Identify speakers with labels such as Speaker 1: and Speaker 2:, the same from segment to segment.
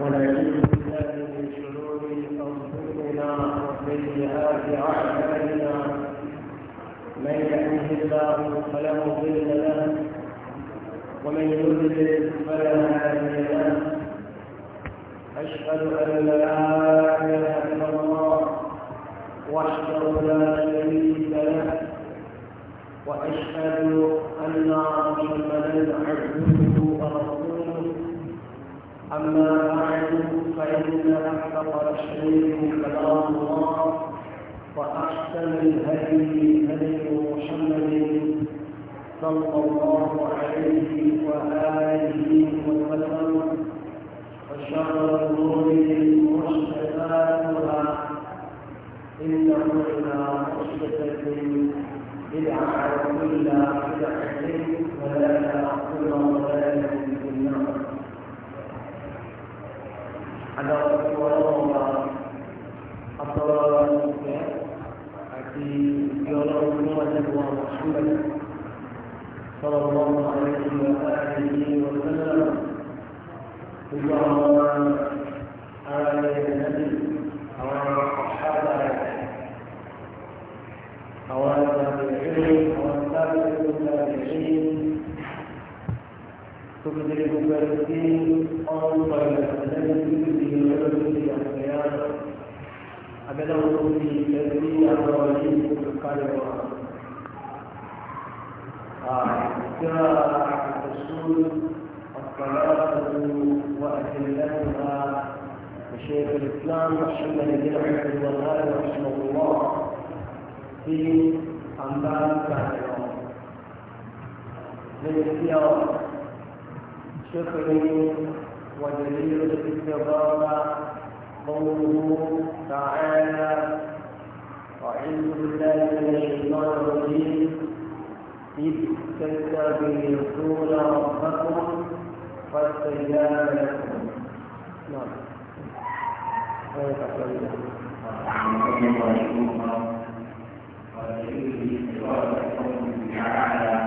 Speaker 1: ونعوذ بالله من شرور أنفسنا وسيئات أعمالنا من يهده الله فلا مضل له ومن يضلل فلا هادي له أشهد أن لا إله إلا الله واشهد ان لا شريك له وأشهد أن محمدا عبده أما بعد فإن أحسن الشيء كلام الله وأحسن الهدي هدي محمد صلى الله عليه وآله وسلم وشر الأمور محدثاتها إن كل محدثة بدعة وكل بدعة ضلالة ولا ضلالة في النار ada orang atau ya di dialog dengan Nabi Muhammad sallallahu alaihi wa alihi wa sallam juga orang ala Nabi orang sahabat awal tabi'in awal tabi'in tabi'in تدركك الدين أوفى الذي تدرك الذي القيامة أبدا وصولي الذي أبوالي القلوة جاء الرسول الصلاة وأهلتها وشيخ الإسلام محمد بن عبد الله رحمه الله في أنباء القلوة من السياق شكري وجليل الاستضافة قوله تعالى أعوذ بالله من الشيطان الرجيم إذ رسول ربكم فاستجاب لكم نعم
Speaker 2: آية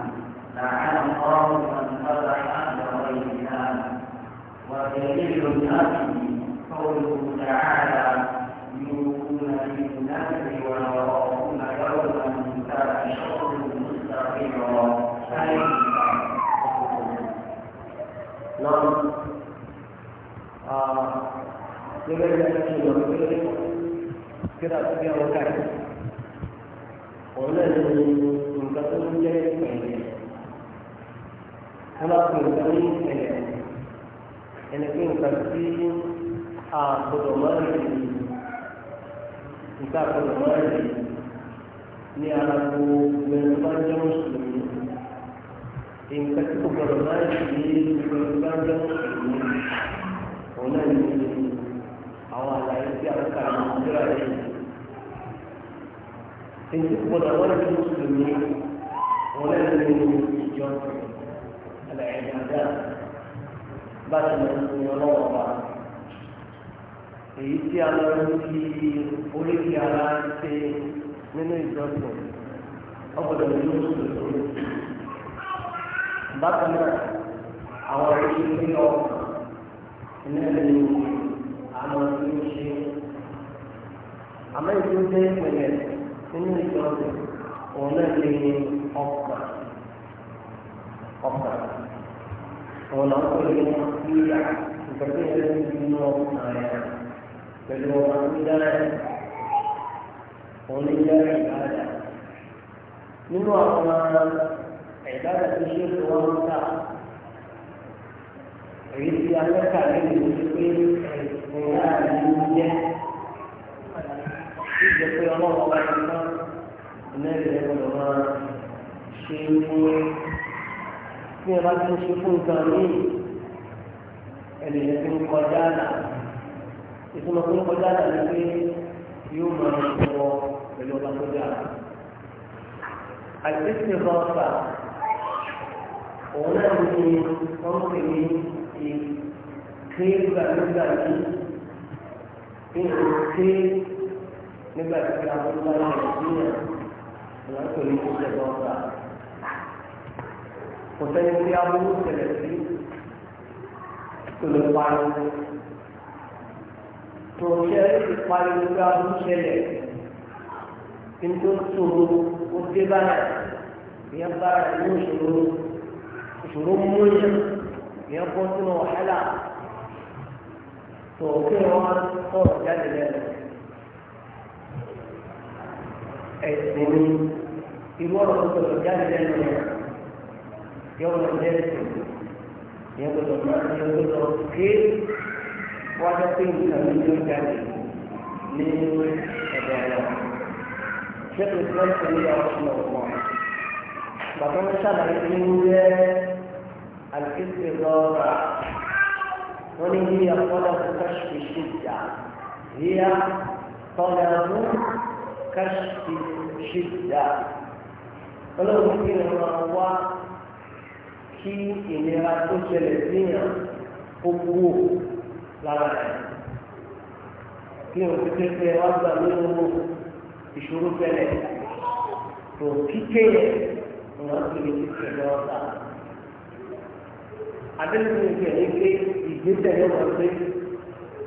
Speaker 1: لعن الله من فتح عند غير ودليل الأمر قوله تعالى يوفون بالنذر ويراؤون يوما كان شر مستقرا أي نعم Dengan yang kita kita kita lakukan, oleh yang kita tunjukkan wọn bá fi nǹkan ní ìṣẹ̀lẹ̀ ẹni pé nǹkan tí a gbọ́dọ̀ máa ń rí nǹkan gbọ́dọ̀ máa ń rí ní ara gbogbo ẹni tó bá jẹ́ mùsùlùmí nǹkan tí kò gbọ́dọ̀ máa ń rí ní gbogbo ẹni tó bá jẹ́ mùsùlùmí òun náà ní àwọn àlàyé tí a ń kà ní ìjọba yìí. Èyí kò gbọ́dọ̀ máa ń rí mùsùlùmí òun náà ní ìjọba yìí. العبادات بعد ما يكون الله èyí tí a lọ ń fi oríkì ara ṣe nínú ìjọsìn ọgbọdọ nínú ìṣòro bákan náà àwọn ẹṣin ní ọkàn náà ni àwọn tí ó ṣe àmọ́ ìlú jẹ ìpìlẹ̀ nínú ìjọsìn òun náà ni ọkàn ọkàn àwọn náà kò lè mọ sí ìgbàgbé ìṣẹ́ nínú ààrẹ pẹ̀lú ọmọ akúndárẹ̀ òun ní dára ìbáradà nínú àwọn ìbáradà tó ṣe é wọ́n ń ta èyí tí amẹ́ka lẹ́yìn ló pé ìrora ìlú jẹ́ bí ẹ bá tún ṣe fún nǹkan míì ẹnìyẹn ti ń kọjá àná ìtumọ̀ tó ń kọjá àná ni pé yóò máa ń wọ pẹ̀lú ọba tó dà. àìsèṣe rọ́ọ̀fà
Speaker 3: òun náà ní
Speaker 1: wọ́n pè ní ìké gbàgbégbà yìí ní ìké nígbà tí a ń bá ìrìn àjò náà wọ́n pè ní ìṣẹ̀rọ̀ọ̀fà kò sẹ́ni tí aburú ṣẹlẹ̀ sí tó lè pariwo tó ṣe ìpariwo tí aburú ṣẹlẹ̀ kí n tó ṣòro ó dé báyà ìyẹn báyà ní òṣòro òṣòro múlẹ̀ ìyẹn bọ́ sínú wàhálà tó kí wọ́n sọ̀rọ̀ jáde يوم الجلسة يقول الله يقول له كيف وعدتهم من دون من الإعلام شيخ الإسلام تيمية رحمه الله وكان شرع التيمية الاستضافة ومن هي طلب كشف الشدة هي طلب كشف الشدة ولو كثير من الله kí ìnira tó ṣẹlẹ̀ síyàn kó wò lára rẹ̀ kí n fi pépé wá gbà nínú ìṣòro fẹlẹ̀ tó kíké yẹn ìwọ̀n ti lè fi ṣẹlẹ̀ ọ̀tá. Adélébi ń bẹ̀rẹ̀ pé ìgbésẹ̀ yóò wọ́n pé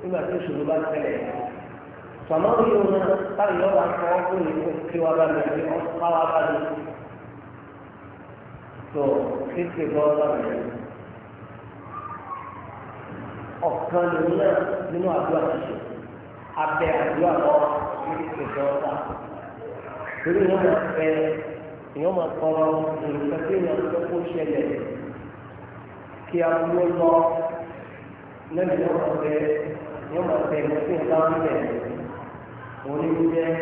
Speaker 1: nígbà tó ṣòro bá ṣẹlẹ̀ sọ̀mọ́ yóò náà báyìí lọ́wọ́ akọ́wọ́ fún ìlú kí wọ́n bá mi àbí ọ̀pá wa bá mi tó kéèké bọ́ lọ́rọ̀ rẹ̀ ọ̀kan lòun náà nínú àdúrà ṣiṣẹ́ abẹ àdúrà lọ kéèké bọ́ lọ́rọ̀ torí wọn máa fẹ́ ìyọ́n máa tọrọ nǹkan tí ìyọ́n tó kó ṣẹlẹ̀ kí a ló lọ lẹ́nu yóò máa fẹ́ yóò máa fẹ́ ìmọ̀sí ìbámu rẹ̀ òun ní jẹ́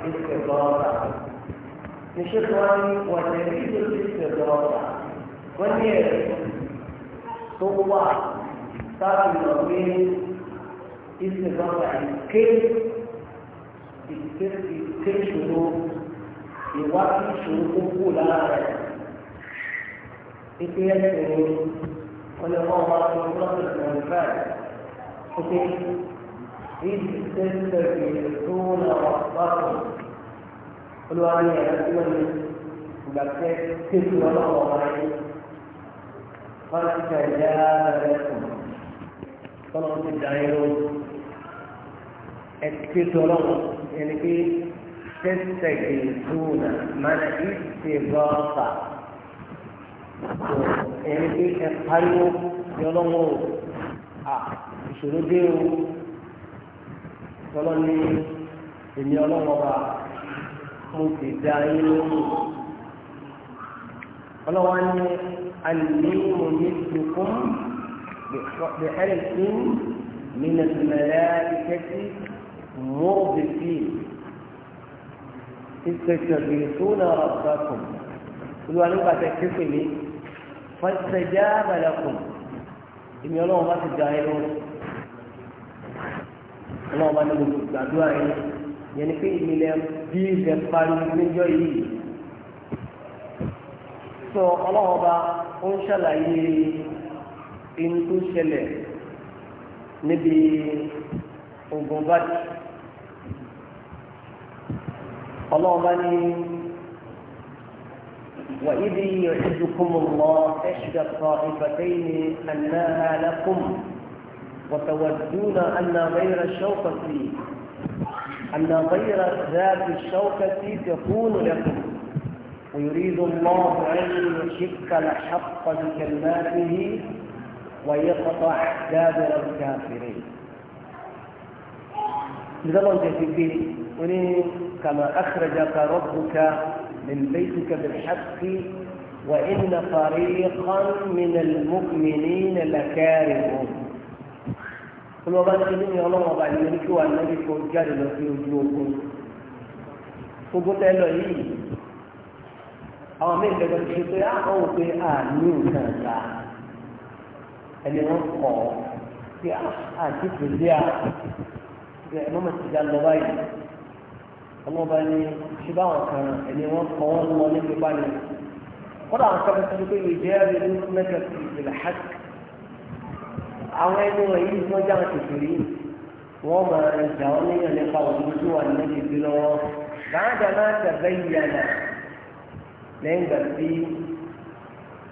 Speaker 1: kéèké bọ́ lọ́rọ̀. الشيخ واني وتريد الاستدراك والنير طوع صار الأمين استدراك كيف كيف شروط يوافي شروط أولى إتيسني ولله ما تنقص الأنفال حسين إذ تستغفرون ربكم olùwà ni ẹ̀rọ tí wọ́n ní ìgbà tẹ́ tẹ́tù ọlọ́wọ́ wọn yìí wọ́n ti ka ìyá rẹ̀ kù tọ́lọ́ ti dà yín ló ẹ̀tẹ́tù ọlọ́wọ́ yẹn pé tẹ́tẹ̀ ìdúnà máa ìṣe bọ́ọ̀fà yẹn pé ẹ pariwo yọlọ́wọ́ à ìṣòro dé o tọ́lọ́ ní èmi ọlọ́wọ́ bá mo sì dá yín lóhùn ọlọ́wọ́ ní alìmọ̀ ní tukùn bẹ̀ẹ́rẹ̀kín nínú ìmọ̀lẹ́ ìkẹ́sí mọ́ọ̀bẹ̀fì ìpẹ̀tẹ̀bẹ̀tún ọ̀rọ̀kọ̀kùn olúwa nígbà tẹ̀ kéfè ní fọ́sẹ̀já balẹ̀kùn ìmì ọlọ́wọ́ bá ti dá yín lóhùn ọlọ́wọ́ bá ní gbàdúrà yín yẹn ni pé ìmìlẹ̀ bí ìgbẹ́ pariwo níjọ́ yìí sọ ọlọ́wọ́ba ó ń ṣàlàyé inú tó ṣẹlẹ̀ níbi ogun bàtì ọlọ́wọ́ba ní وإذ يعدكم الله إحدى الطائفتين أنها لكم وتودون أن غير الشوكة أن غير ذات الشوكة تكون لكم ويريد الله أن يشك الحق بكلماته ويقطع دابر الكافرين إذا الله أنت في كما أخرجك ربك من بيتك بالحق وإن فريقا من المؤمنين لكارهون tí wọ́n bá ti ní ìyẹn ọlọ́wọ́ ọba ìyẹn ní kí wà lẹ́bí kó jáde lọ sí ojú ogun gbogbo tẹ́ lọ yìí àwọn míì lẹ́gbẹ̀ẹ́ ti ṣe pé àwọn ah, ò pé àní ah, nǹkan ìgbà ẹni wọ́n kọ̀ pé àti pèsè à ẹ mọ́mọ́ ti dá lọ báyìí ọlọ́ba ni ṣé báwọn kan ẹni wọ́n kọ́ wọ́n lọ ní pípa ni kọ́dà àwọn kan tó ti pé ìjẹ́ àbẹ̀lú mẹ́tẹ̀ẹ̀tì ìlà hàkì àwọn ẹni wọ̀nyí ni wọ́n jáwọn tètè rí wọ́n máa ń jà ọ́ níyàn nípa òdodo tó wà nínú ìdí lọ́wọ́ bàádà máa tẹ̀fẹ́ ìyànà lẹ́yìn ìgbà tí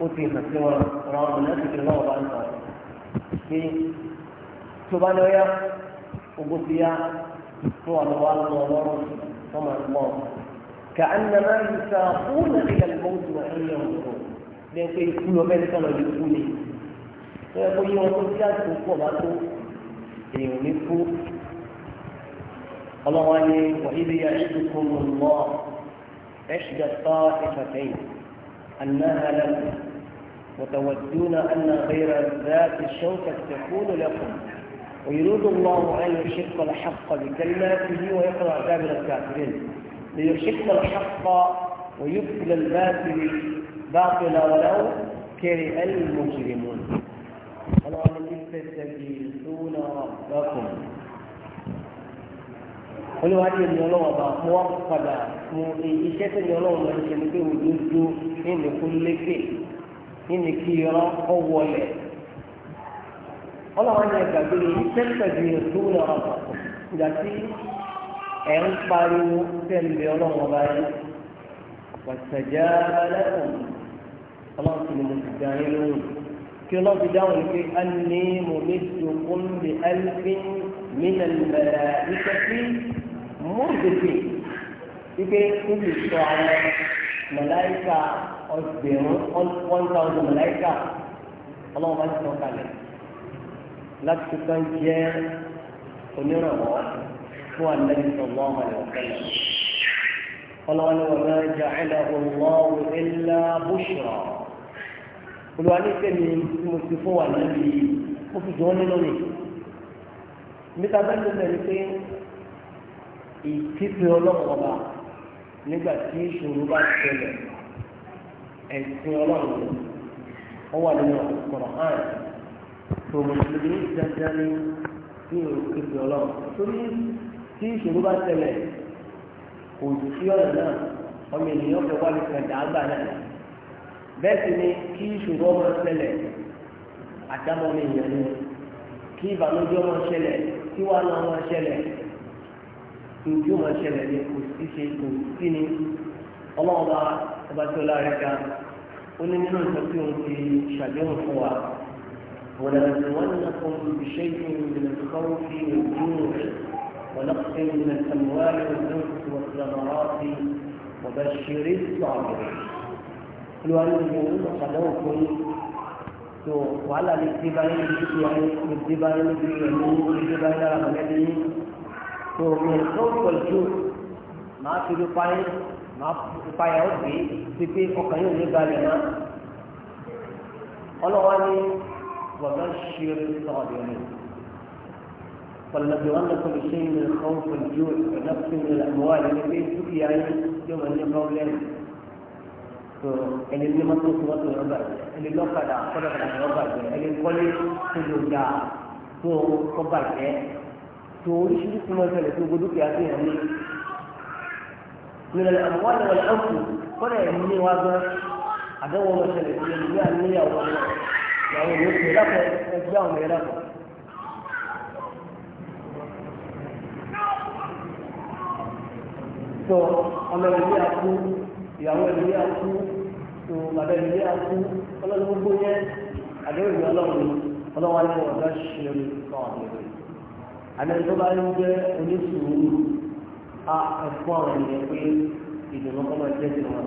Speaker 1: ó ti hàn sí wọn ọ̀rọ̀ ọ̀rọ̀ náà ti fi lọ́wọ́ bá ń sọ pé tó bá lọ́yà ogun ti yá tó wà lọ́wọ́ lọ́wọ́ lọ́rùn tó máa ń pọ̀ kàánàmá yìí sá fún ìlànà ìmọ̀ọ́dún àìyàn òkú lẹ́yìn pé ikú lọ́mẹ́rin sọ̀rọ̀ yìí kú ni. tó yẹ kó yé wọn tó bí àsìkò pọ̀ bá tó èèyàn ní kú ọlọ́wọ́n ni wàhíbi àṣìkò wahibi kò mọ́ ẹ̀ṣìdá dà to ìfàtẹ́yìn أنها لكم وتودون أن غير ذات الشوكة تكون لكم ويريد الله أن يشق الحق بكلماته ويقرأ عذاب الكافرين ليشق الحق ويبطل الباطل باطلا ولو كره المجرمون ọlọ́run ní tẹ̀sẹ̀gìrún lọ́kùn. olùwádìí ẹni ọlọ́run ọba mo wá padà mo iṣẹ́ tẹ̀lé ọlọ́run lọ́dún ṣe ni pé òdodo nínú kó lékè nínú kí irọ́ kọ́ wọlé. ọlọ́run ní ẹgbàgbé tẹ̀sẹ̀gìrún lọ́kùn. ìgbà tí ẹ̀ ń pariwo tẹ̀lé ọlọ́run ọba yẹn wàtẹ̀jẹ́ alẹ́ kùn ní mo ti dá yín lóhùn kí ọlọ́run ti dáhùn pé a ní mo lè tó kún lè alifin mílẹ̀ mẹ́rẹ̀ iṣẹ́ sí mọ́ọ̀dẹ́sì wípé kí n lè sọ àwọn mẹ̀láìkà ọ̀gbẹ̀rún one thousand mẹ̀láìkà ọlọ́run bá ti sọ kalẹ̀ láti kan jẹ́ onírànwọ́ fún àlejò sọ̀rọ̀ ọmọ rẹ̀ ọ̀kẹ́lẹ̀. ni wọ́n máa jẹ́ àìlẹ́ ọ̀rọ̀ ìlà bùṣọ̀ olùwà ní sẹ́ni tí mo ti fún wa níbi ó fi jọ nínú mi níta bẹ́ẹ̀ ló bẹ̀rẹ̀ pé ìkíkiri ọlọ́run ọba nígbà tí ìṣòro bá ṣẹlẹ̀ ẹ̀sìn ọlọ́run ó wà nínú ọ̀rọ̀ hàn tó mo ti ní dandan ní tí ìkíkiri ọlọ́run torí tí ìṣòro bá ṣẹlẹ̀ kò sí ọ̀rọ̀ náà ọmọ ènìyàn fẹ́ wá lè fẹ́ dàgbà náà bẹ́ẹ̀ sì ni kí ìṣòro ọmọ ṣẹlẹ̀ àdámọ́ mi yàn ni kí ìbànújẹ́ ọmọ ṣẹlẹ̀ kí wàá lọ ọmọ ṣẹlẹ̀ ìjú ọmọ ṣẹlẹ̀ ni kò sí ṣe kò sí ni ọlọ́ọ̀bá ọba tó lára ká ó ní nínú ìtọ́ tí òun ti ṣàdéhùn fún wa ولنبلونكم بشيء من الخوف والجوع ونقص من الأموال والأنفس والثمرات وبشر الصابرين olúwa ní ìyẹn ló lọ sàdánwò fún yín tó wàhálà lè dé báyìí lè dé báyìí lè dé báyìí lè dé báyìí lè dé báyìí lára mọ̀lẹ́bí yín tó mi ò tó pọ̀jù màá fi ló parí màá ìpayà ó gbé pípé ọkàn yóò lè balẹ̀ náà ọlọ́wà ní gbọ̀dọ̀ ṣe sọ̀rọ̀ mi. فلنبلغنكم بشيء من الخوف والجوع ونفس من الاموال التي تؤتي يوم ان يقولن tó ẹni ní mọ́tò tó mọ́tò yọ̀ bàjẹ́ ẹni lọ́kadà kọ́dọ̀kadà yọ̀ bàjẹ́ ẹni kọ́lé tó lò dà tó kọ́ bàjẹ́ tó oríṣiríṣi mọ́ ìfẹ́lẹ̀ tó gbogbo dúkìá tó yàn ní. nínú àwọn àwọn àwọn ọ̀kù kọ́dà ẹ̀mí ní wá gan àdéhùn ọmọ ìṣẹ̀lẹ̀ tó yẹ ní àníyàwó ọmọ ìyàwó ìlú tó dákọ̀ ẹgbẹ́ àwọn ẹ̀yẹ dákọ̀. tó ọmọ ìlú ìyàwó ẹni yà kú tó bàbá ẹni yà kú ọlọ́run gbogbo yẹn àdéhùn ìlú ọlọ́run ọlọ́run ayé ọ̀dọ́ ṣẹlẹ̀ kọ́ ọ̀dọ́ àmì tó bá ń jẹ́ oníṣòwò a ẹ̀fọ́ àwọn ènìyàn pé ìdùnnú kọ́ máa jẹ́ tiwọn.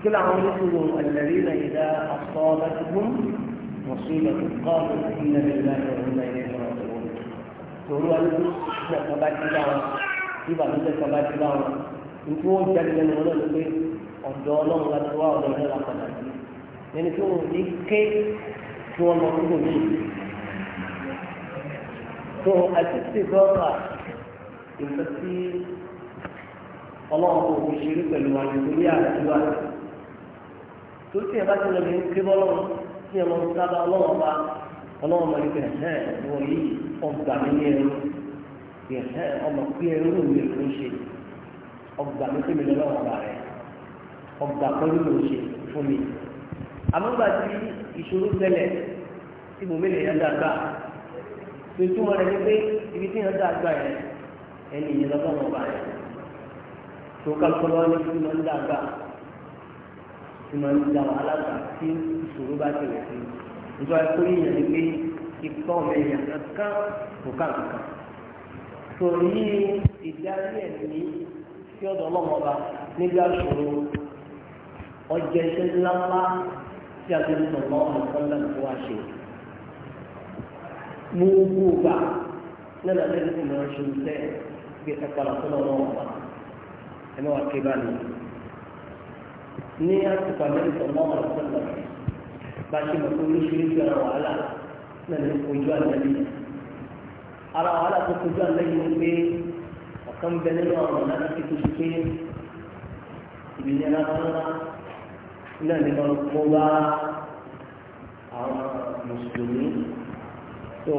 Speaker 1: kí làwọn oníṣòwò ẹ̀lẹ́rì náà yìí dá aṣọ láti fún mùsùlùmí kọ́ọ̀tù ìlẹ̀ ìlẹ̀ ìlẹ̀ ìlẹ̀ ìlẹ̀ ìlẹ̀ ìlẹ̀ nítí wọ́n jáde lẹ́nu wọn lọ́nà pé ọ̀dọ̀ ọlọ́run láti wá ọ̀dọ̀ ìlú àpàdà yìí ẹni tí wọ́n ní ké kí wọ́n lọ kúrò ní ìlú. tó àtìsí gọ́ọ̀rà ìfẹ́ sí ọlọ́run kò fi ṣeré pẹ̀lú àyẹ̀wòrí àdúrà tó tí ẹ bá ti lọ ní ké bọ́lọ́run tí ẹ lọ sábà ọlọ́run bá ọlọ́run máa ń gbẹ̀ hẹ́ẹ̀ wọ̀nyí ọgbà mi ní ẹrú gbẹ̀ ọmọ pé ẹrú mi ló ń ṣe ọgbà ló tẹ̀mí lọ́wọ́ ọ̀gá rẹ̀ ọgbà kan ló lòó ṣe fún mi. àmọ́gbà tí ìṣòro tẹ̀lẹ̀ tí mo mélòó yẹn dàgbà tó túmọ̀ rẹ̀ ni pé ibi tí yẹn dàgbà yẹn ẹni yẹn lọ́wọ́ ọ̀gá rẹ̀ tó kálukọ́ lọ́wọ́ ní tí mo ń dàgbà tí mo ń da wàhálà gbà tí ìṣòro bá tẹ̀lẹ̀ sí nítorí pé yẹn ni pé ikọ́ mẹ́yìn kankan kò kankan. sọ̀rọ̀ yìí ìdarí ẹ̀mí sí ọ̀dọ̀ ọlọ́mọba níbi àṣòro ọjẹ́ iṣẹ́ ńláńlá tí a ti ń sọ̀rọ̀ ọmọ ọ̀sán lẹ́nu tó wá ṣe. Mo wú ọgbà lẹ́nu àtẹ́lẹ́ tí mo ń ṣe iṣẹ́ gbé ẹ̀pàdà tó lọ́wọ́ ọ̀gbà ẹ̀mọ́ wa ké báyìí. Ní àtìpà lẹ́nu sọ̀rọ̀ ọmọ ọ̀sán lẹ́nu bá ṣe mọ̀ pé oríṣiríṣi ọ̀rọ̀ wàhálà lẹ́nu ojú àlẹ́ yìí. Ara wàhálà tó kojú àlẹ́ yìí ni pé kan bẹ nínú àwọn ọ̀nà láti tó ṣe pé ìgbìyànjú aláǹlá náà ní kan kó bá àwọn mùsùlùmí tó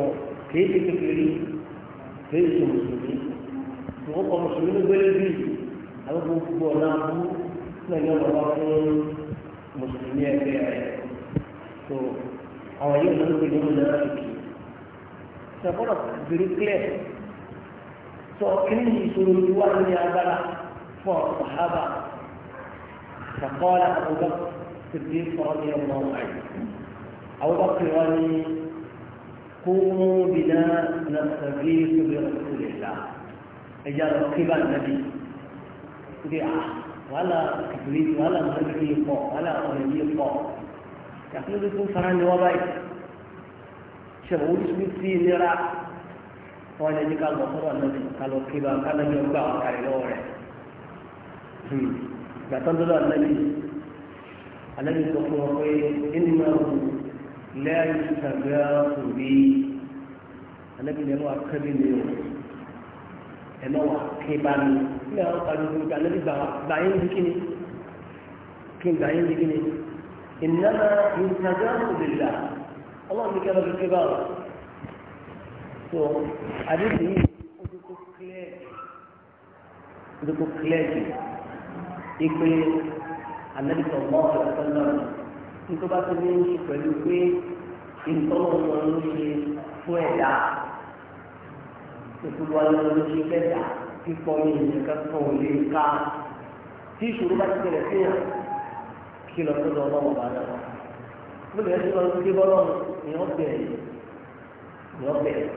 Speaker 1: kìí ṣe kékeré kìí ṣe mùsùlùmí ìwọ́n kọ mùsùlùmí ló gbélé bí àwọn gbogbo ọ̀nà abú náà ní ọ̀nà wá fún mùsùlùmí ẹgbẹ́ rẹ̀ tó àwọn yóò lọ́nà pé ní ọ̀nà kì í ṣàkóso ìdúró clear. فوقني سرود وهل يا بلى فوق فقال ابو بكر الصديق رضي الله عنه ابو بكر غني قوموا بنا نستغيث برسول الله اجا ركب النبي بيع ولا تكبير ولا مهدي فوق ولا مهدي فوق يقول لكم سرعني وبيت شغول سميتي اللي راح wọn lè ní ká lọ sọ́dọ̀ ànábì ká lọ kí lọ ká lọ́jọ́ gbà wọn kárí lọ́wọ́ rẹ̀ hmm. gbàtọ́ dọ́dọ̀ ànábì ànábì sọ fún wọn pé ẹni máa wù lẹ́yìn ìtàgbẹ́ òbí ànábì lẹ́nu akẹ́bí mi o ẹ̀nà wà ké bá mi ní àwọn pariwo gbogbo ànábì gbà yín bí kíni kí n gbà yín bí kíni ìnáná ìtàgbẹ́ òbí là ọlọ́run ní so àdéhùn yìí
Speaker 3: ó ti kó clear
Speaker 1: ó ti kó clear jù ipe amẹ́ríkà ọmọ ọ̀sán náà nítorí bá tó ní í ṣe pẹ̀lú pé ìtọ́wọ́ wọn ló ṣe fún ẹ̀dá ìtúwọ́ wọn ló ṣe fẹ́ẹ̀dá kíkọ́ ní ìyẹ̀kẹ́ fún òní ká tí ìṣòro bá ti tẹ̀lẹ̀ sí yàn kí lọ sọ́dọ̀ ọlọ́run bá náà wọ́n lè ṣe lọ sí bọ́lọ́run ni wọ́n bẹ̀rẹ̀ ni wọ́n bẹ̀rẹ̀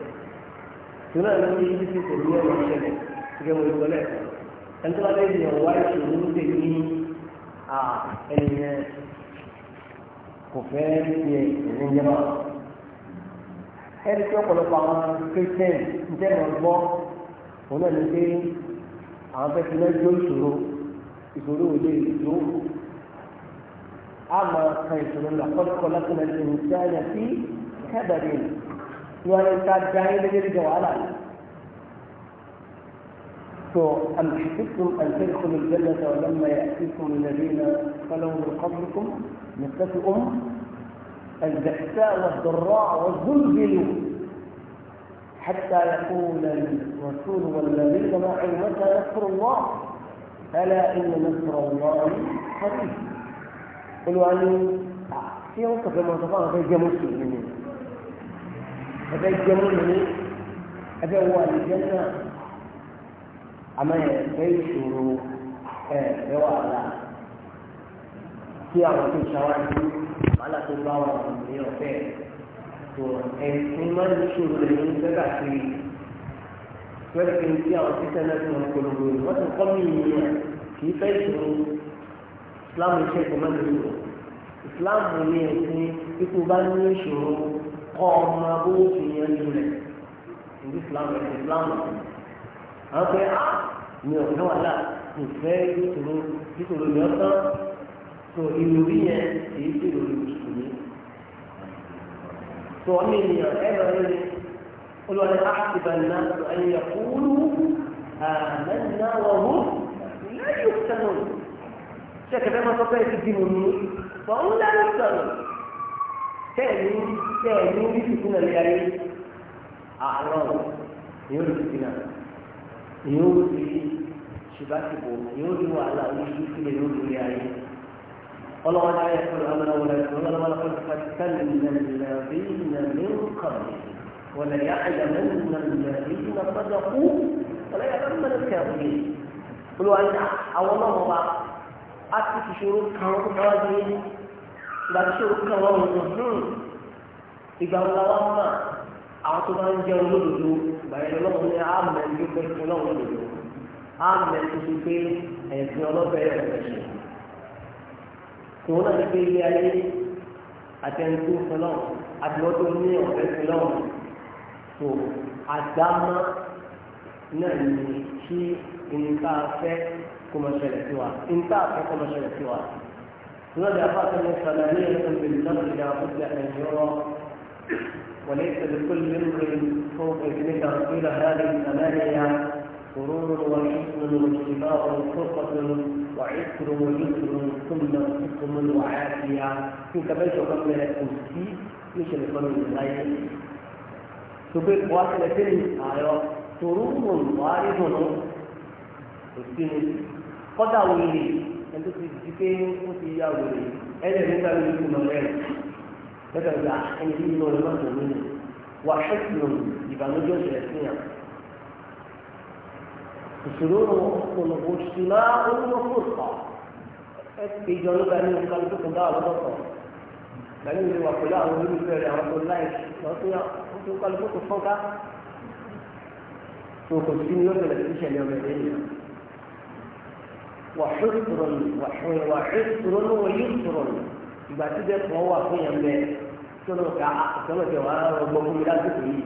Speaker 1: tòun náà lórí ibi tí kò ní ọ̀nà ìṣẹ̀lẹ̀ gẹ́gẹ́ mo sọ lẹ́ẹ̀kan ẹni tó bá lè yàn wá ìṣòro ń tè ní ẹnìyẹn kò fẹ́ ṣe ìṣòro ń jẹba ẹni tí ọ̀pọ̀lọpọ̀ àwọn kristian ń tẹ́ wọn gbọ́ òun náà ní pé àwọn fẹ́ ti lọ́jọ́ ìṣòro ìṣòro òde ìṣòro àmọ́ kan ìṣòro ńlá kọ́lọ́kọ́ lọ́kùnrin ìṣòro ìṣòro wọn ní ká da yín lóye níjọ wàhálà أم حسبتم أن تدخلوا الجنة ولما يأتيكم الذين خلوا من قبلكم مستفئهم البأساء والضراء والزلزلوا حتى يقول الرسول والذين معه متى نصر الله ألا إن نصر الله قريب قلوا عنه في وصف لما تفعل غير مسلمين ẹbẹ jẹmú ní ẹbẹ wọ àlejò náà àmọ́ ẹbẹ ìṣòro ẹ ẹbẹ wàhálà tí àwọn tó ṣàwájú wàhálà tó bá wọn ní ọbẹ tó ẹsìn máa ń ṣòro lè ní sẹgà sí i pẹ̀lú kí n tí àwọn títẹ̀ ti wọn polongo yìí wọn ti kọ́ mí ìyẹn kì í fẹ́ ìṣòro islam ṣe kò má lè lò islam ní ẹsìn kíkú bá ní ìṣòro kọ́ ọmọ bó ṣe yẹn lu rẹ̀ ìlú islam rẹ̀ islam rẹ̀ àwọn pé á ah, mi ò fẹ́ wà láà mi fẹ́ ìṣòro ìṣòro yẹn tán tó ìròrí yẹn kì í ṣe ìròrí mùsùlùmí tó ọmọ ènìyàn ẹ̀rọ ẹ̀rọ olùwàlẹ̀ àṣìbà ah, náà tó ẹ̀yẹ àmẹ́nà wọ̀hún lẹ́yìn òkúta náà ṣé kẹfẹ́ máa sọ pé ẹ ti di mòmí wọ́n ń lẹ́yìn òkúta tẹ́ẹ̀ni tẹ́ẹ̀ni ní fìtínà lé ayé àárọ̀ yóò lè fìtínà yóò lè ṣùgbàṣìbò yóò lè wàhálà oṣù sílẹ̀ yóò lè lé ayé ọlọ́wọ́n ayé ẹ̀fọ́lọ́ ọlọ́wọ́lọ́ ọlọ́wọ́lọ́ fàtìkálì nàìjíríà ní kọ̀ọ̀lì wọ̀lẹ̀ yá àyàmẹ́ nàìjíríà sọ́jà kú wọ̀lẹ̀ yá lọ́mọ nàìjíríà kú olùwàlẹ̀ àwọn ọlọ́wọ́ wa á ti fi ṣòro kàn án kó láti orúkọ wọn wọn hàn ìgbà wọn làwọn mọ àwọn tó bá ń jẹ olódodo gbàyẹn lọ́wọ́ ní àmẹ́ ló fẹ́ fún lọ́wọ́ olódodo àmẹ́ tuntun pé ẹ̀sìn ọlọ́fẹ́ rẹ̀ ṣe tòun náà ti pé ilé ayé àtẹnudó fún lọ́wọ́ àtìwọ́tò ní ọ̀fẹ́ fún lọ́wọ́ tó àdámọ́ náà ní kí nǹkan afẹ́ kọmọṣẹ́lẹ̀ sí nǹkan afẹ́ kọmọṣẹ́lẹ̀ sí لماذا أخذنا صنانية بالنظر إلى بد أن يرى وليس لكل امرئ فوق ابنك إلى هذه ثمانية غرور وحسن واجتماع وفرقة وعسر ويسر ثم حكم وعافية كنت بيت قبل الكرسي مش الإخوان من الغير تبقى واحدة فيهم سرور آية، وارد وسين قد أولي ẹni tó ti di pé ó ti yá wòlé ẹni ẹni nígbà lórí ìlú mọ̀lẹ́rì lẹ́tọ̀ ìgbà ẹni tí ìlú ọ̀rẹ́ máa tó nínú wà ṣẹ́kìlọ̀ ìbànújẹ́ ìṣẹ̀lẹ̀ sí yàn. ìṣòro ọ̀pọ̀lọ̀ oṣù náà olúmọ̀ fòrùkọ̀ ẹ ti jọ ló bẹ̀rẹ̀ nínú kálukú tó dá àwọn ọ̀pọ̀ bẹ̀rẹ̀ ìwà pẹ̀lú àwọn olólùfẹ́ rẹ̀ àwọn tó láì lọ́tún kálukú tó fọ́nká tó kò sí ní ó وحسر وحسر ويسر ìgbà tí bẹ́ẹ̀ kọ́ wà fún yẹn bẹ́ẹ̀ sọ́nà ká sọ́nà tẹ̀ wá ọgbọ́n fún mi lásìkò yìí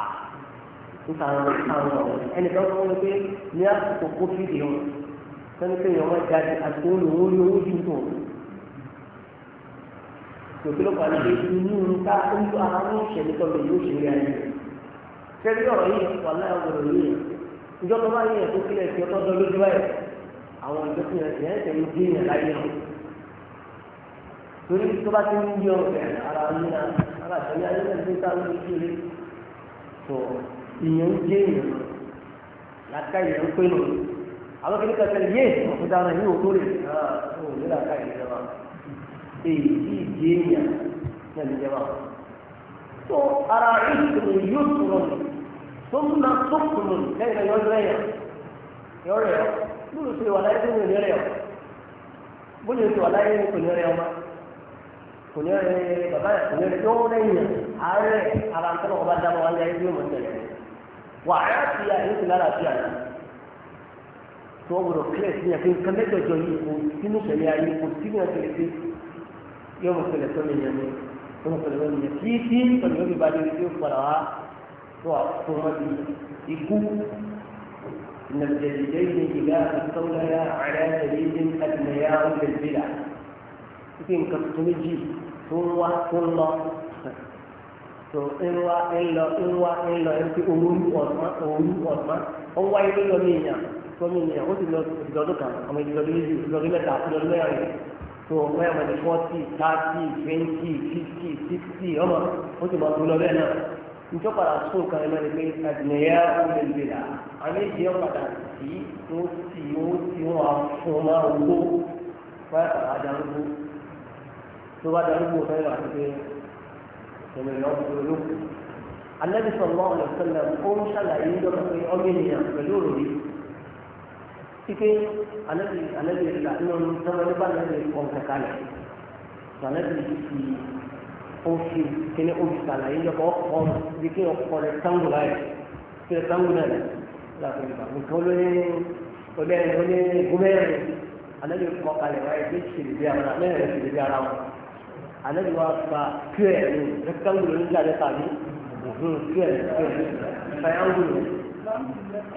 Speaker 1: à ń ta àwọn àwọn ọ̀rọ̀ ẹnì kan fún mi pé ní àsìkò kófìdì wọn sọ́nà pé ìyọ̀wọ́ jáde àti olówó ní owó ju tó tòkí ló pàdé pé inú ta ń lo àwọn ìṣẹ̀lẹ̀ tó lè yóò ṣe rí ayé sẹ́ni ọ̀rọ̀ yìí wà láyà ọ̀rọ̀ yìí ìjọba yìí ẹ̀ tó kílẹ̀ sí ọtọ́ àwọn ìgbésí yẹn tẹ̀ ń dín yẹn láyé o torí tó bá ti ń yọ ọ̀rẹ́ ara ń yíra ara àtẹ̀lé ayé náà ti ń sáré ní ìṣúlé tó ìyẹn ń gé èèyàn láká ìyẹn ń pè ní àwọn kìnnì kan tẹ̀lé yé ọ̀fọ̀dá náà yóò tó lè ó lè láká ìyẹn jẹba èyí tí ìdí èèyàn náà ní jẹba tó ara ìṣòro yóò tó lọ tó ń na tó kùnú lẹ́yìn náà yọ bóyá ti wà láyé tó ní rẹ̀ ọ́ bóyá ti wà láyé kò ní rẹ̀ ọmọ kò ní rẹ̀ bàbá yẹn kò ní rẹ̀ yọ́n lẹ́yìn ààrẹ ara ń tọ́lọ̀ ọba dáná wọn láyé yóò mọ̀ nílẹ̀ wà á ti yà ní ìlànà àti àná tó wọ́n kílẹ̀ sí yẹn pé nǹkan mẹ́jọjọ yìí kò sínú sẹ̀lẹ̀ ayé kò sínú ẹ̀sẹ̀ lẹ́sẹ̀ yóò mọ̀ sẹ̀lẹ̀ sọ́mi yẹn ni yóò mọ̀ sẹ̀lẹ̀ sọ́mi yẹn kí kí pẹ̀lú yóò ان الجديدين اذا استوليا على جديد ادنياه للبلع يمكن كالتمجي هو ثم so ńwá ńlọ ńwá ńlọ ẹnití olórí ọ̀sán olórí ọ̀sán ó wáyé lọ́yọ̀ ní ìyàn tó ní ìyàn ó sì lọ ìdọ́dún kan ọmọ ìdọ́dún méjì ìdọ́dún mẹ́ta ìdọ́dún mẹ́rin tó mẹ́rin mẹ́rin fọ́tì tààtì twẹ́ntì fífì síkítì ọmọ ó sì máa tó lọ bẹ́ẹ̀ náà níjọ́ padà sún nǹkan ẹ̀ lọ́rẹ̀ pé àdìmẹ̀yà olèlèlà àmì ìyẹ́ padà sí wọ́n sì wọ́n sì wọ́n afún máa wó wáyà kàrà adarúgbó tó bá darúgbó fẹ́rẹ̀ wà pé ìṣẹ̀lẹ̀ lọ́wọ́ tó lókè. alẹ́ bisọ̀ lọ́wọ́ ọ̀nà sẹ́lẹ̀ ó ń ṣàlàyé ń dọ́kọ̀ pé ọmọ ènìyàn pẹ̀lú òròrí kíké alẹ́ bisọ̀ lọ́wọ́ ọ̀nà sẹ́lẹ̀ òfin kìíní òfin sàlàyé yọkọ ọ̀rọ̀ bí kí ọkọ rẹ sáwọn láyé kí rẹ sáwọn náà láti ìgbà nǹkan olóyè olóyè olóyè gómìnà anabi kọ kalẹ̀ wáyé bí sèlè bí ara mẹ́rin rẹ sèlè bí ara wọn anabi wa fa kílẹ̀ ní rẹ́kítángulo nígbà rẹ tàbí kílẹ̀ kílẹ̀ fàyàngulo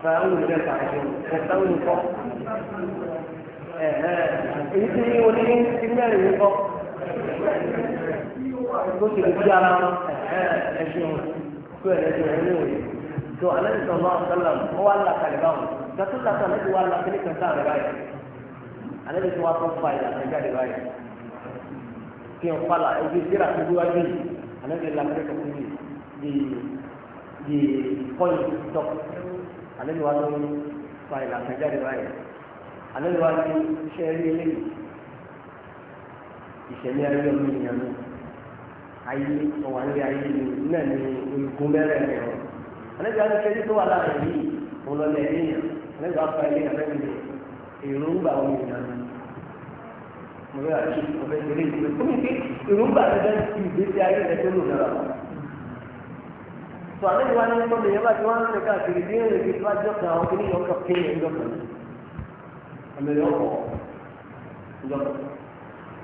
Speaker 1: fàyàngulo rẹ tàbí rẹ́kítángulo kọ ẹ̀ẹ́ èyí tí oní mẹ́rin kọ tó ti di ara ẹ̀sìn tó ẹ̀sìn ẹ̀rọ ìwé tó alẹ́ sọ̀rọ̀ àtàlàm ó wà lákàlẹ̀ báwọn gàtó lákàlẹ̀ ti wà lákàlẹ̀ kẹta rẹ̀ báyìí alẹ́ ti wà tó fa ìlànà jáde báyìí kí n fa la ebi síra tó wájú yìí alẹ́ ti lákàlẹ̀ kẹta yìí di di kọ́yì tó alẹ́ ti wà tó fa ìlànà jáde báyìí alẹ́ ti wà tó ṣe é ìṣẹ̀lẹ̀ ayé ọmọ ènìyàn mi ayé ọwọ́ ayé ayé mi náà ni olùkún bẹ́rẹ̀ mi rọ àlejò àtẹ̀lé tó wà láàrin yìí òun lọ lẹ̀ ènìyàn àlejò àpá ilé àbẹ́mi ni èròǹgbà ọmọ ènìyàn mi mo bẹ àti ọbẹ̀ tẹ̀lé ìgbẹ́ fún mi pé èròǹgbà rẹ bẹ́ẹ̀ ti ìgbésí ayé rẹ tó lò lára tó àlejò wa ní ọmọ ènìyàn bá ti wá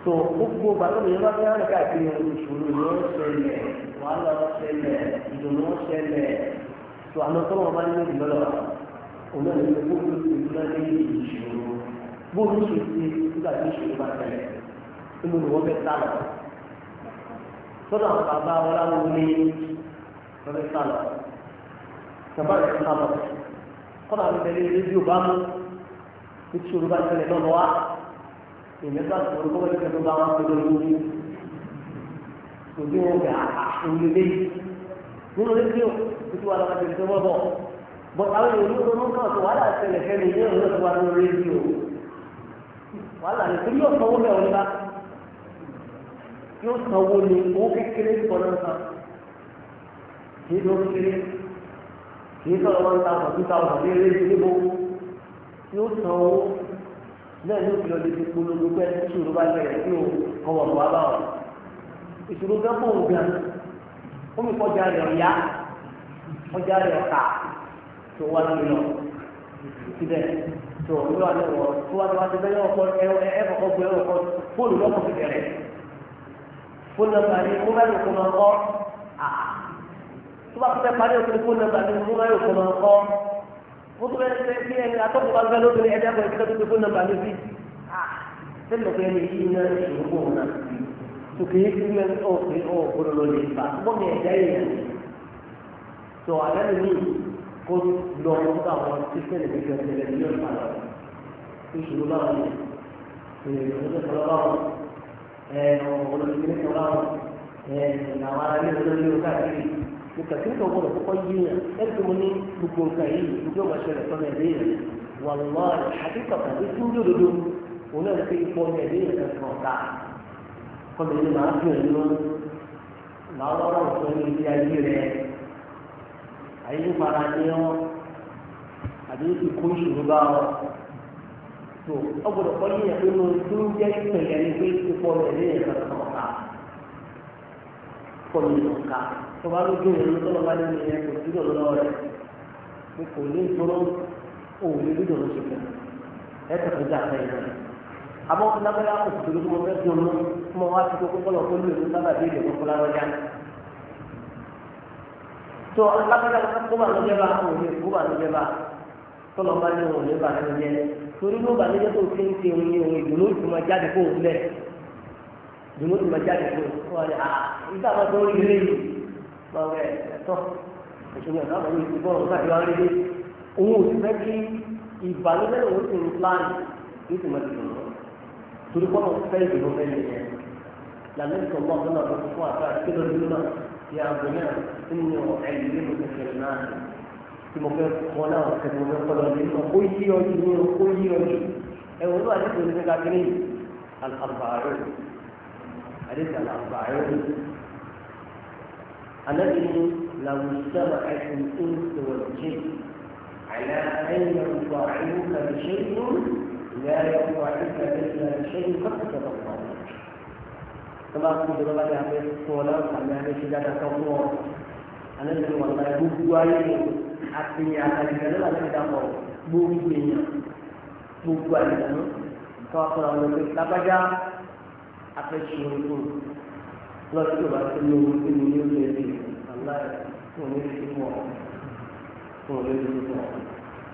Speaker 1: tó gbogbo gbàgbọ́ mi máa ń rárẹ̀ káàkiri ìṣòro ni wọ́n ṣẹlẹ̀ wàhálà wọ́n ṣẹlẹ̀ ìdùnnú wọ́n ṣẹlẹ̀ tó àmọ́ tó wọn bá ní méjì lọ́lọ́ òun náà ní gbogbo ìdúná ní ìṣòro bóòlù ṣe ti nígbà tí ìṣòro bá ṣẹlẹ̀ nínú ni wọ́n fẹ́ sá lọ sọ́dọ̀ àwọn bàbá wọn láwọn ní wọ́n fẹ́ sá lọ bàbá rẹ̀ sá lọ kọ́nà àwọn ìbẹ̀rẹ̀ rédíò bá mú ìṣòro bá ṣẹlẹ̀ lọ́wọ́ Ah, ah, èèyàn bá sọ orúkọ wọlé kẹtọ bá wọn pẹ̀lú olórí òbí wọn bẹ àtúndé nínú rédíò títí wà lọ́wọ́ tẹ̀lé tẹ́wọ́ bọ̀ bọ̀ àwọn èèyàn ló ló ń kàn tó wàhálà ṣẹlẹ̀ fẹ́mi ní ọ̀rọ̀ tó wà lórí rédíò wàhálà rẹ̀ torí yóò sanwó bẹ́ẹ̀ wọlé bá yóò sanwó ní owó kékeré kọ́ náà kan kì í lọ kékeré kì í sọ̀rọ̀ wọn ta ọ̀tún ta ọ̀tún ní rédíò níbo yóò sanwó náà yóò fi lọ lè fi polongo pé ìṣòro bá bẹ̀rẹ̀ sí o kọ́ wọ̀ wá bá wọn. ìṣòro gan bò ń gan ó mi kọjá rẹ̀ ọ̀yá kọjá rẹ̀ ọ̀tà tó wá lórí lọ síbẹ̀ tó ìlú àlẹ́ wọ̀ tó wá lọ́wọ́ síbẹ̀ yóò kọ́ ẹ ẹ kọ́kọ́ gbé ẹ kọ́ fóònù lọ́kọ̀ fi bẹ̀rẹ̀ fóònù nọ́mbà ni mo bá máa kọ́ ah. tó bá fẹ́ parí òkú fóònù nọ́mbà ni mo bá máa kọ́ mo tún bẹ́ẹ̀ ṣe kí ẹni atọ́kùn bá ń fẹ́ lóbìnrin ẹ̀dá kan ìdíkà tó ti fún nàmbà mi sí. sẹ́lẹ̀ pé ẹni yìí náà ìṣòro bò wọn náà tòkè yìí fi mẹ́ ọ̀ pé ọ̀ gbọ́dọ̀ lọ lè fà wọ́n mi ẹ̀dá èèyàn sọ àlẹ́ mi kó lọ fún àwọn kírísítẹ́nì bí kan tẹ̀lé ní ọ̀pá lọ ìṣòro báwọn ni ìṣòro báwọn ẹ̀ ọ̀rọ̀ ìṣòro báwọn ẹ̀ nìkàtí nǹkan gbọ́dọ̀ kọ́kọ́ yí yàn ẹgbẹ́ mo ní gbogbo nǹkan yìí ìjọ máa ṣẹlẹ̀ sọmọ ẹdẹ yẹn wà lọọrẹ àdìkọ tàbí tí dòdòdò na náà fi ipò ọmọ yẹn kẹsàn ọ̀tá kọmi ní màá fi ẹnu màá lọ rọrùn fún ẹni ilé ayé rẹ ayé ń fara ní ọ àbí ti kó ìṣòro bá ọ tó ọgbọ́dọ̀ kọ yí yàn pé mo tó ń ìpìlẹ̀ ní pé ipò yẹn ọ̀tá. pọ̀ nínú ká tó bá lójú ìrìn tó lọ́ba nínú ìyẹn kò sí ìdòdó lọ́wọ́ rẹ̀ mo kò ní ìṣòro òun ní ìdòdó ṣe fẹ́ ẹ tẹ̀sán jà fẹ́ yẹn àmọ́ lábẹ́lá kò sí ìdòdó mo fẹ́ dùn mọ́ mo wá ti kókó kọ́lọ̀ kó lóye sábà bí ìdòdó kó lárọ́ já tó lábẹ́lá kó bá lọ́jẹ́ bá òun ní kó bá lọ́jẹ́ bá tó lọ́ba ní òun ní bá lọ́jẹ́ torí ló bá lọ́jẹ́ tó ni mo ti ma jáde fún un wọn ni ah nígbà máa tó rí ilé yìí máa wẹ ẹ̀tọ́ ìṣòro ẹ̀tọ́ àwọn ìlú bọ́ọ̀lù náà yọ ọ́rẹ́dẹ́ òun ò sì fẹ́ kí ìbànújẹ́ òun sì ń plan ní ti máa dùn ún torí kọ́ ló fẹ́ ìdìbò fẹ́ lè yẹn lànà ìtọ́ mọ́ ọ̀gbọ́n náà lọ́sọ̀ fún àgbà kíló dúró náà yà àgbò náà nínú ẹ̀yìn ilé mo kẹsẹ̀ náà tí mo fẹ́ kọ́ náà kẹsẹ̀ mo fẹ́ kọ́ lọ sí ọ ó yí ọdún ó yí ọdún ẹ̀wọ̀n ló wà ní ìdòwú حديث الأربعين الذي لو اجتمعت الإنس والجن على أن يطاعوك بشيء لا يطاعوك إلا بشيء قد كتب الله كما قلت لك يا أخي صلى الله عليه وسلم Anda jadi أنا أقول buku aja ni. Hati yang ada di dalam ada tidak mau. Buku ini. afẹ́ṣe orúkún lọ sí ìwà tí mo wù sí mi ní oṣù èdè aláì fún mi sí mọ́ fún mi sí mọ́.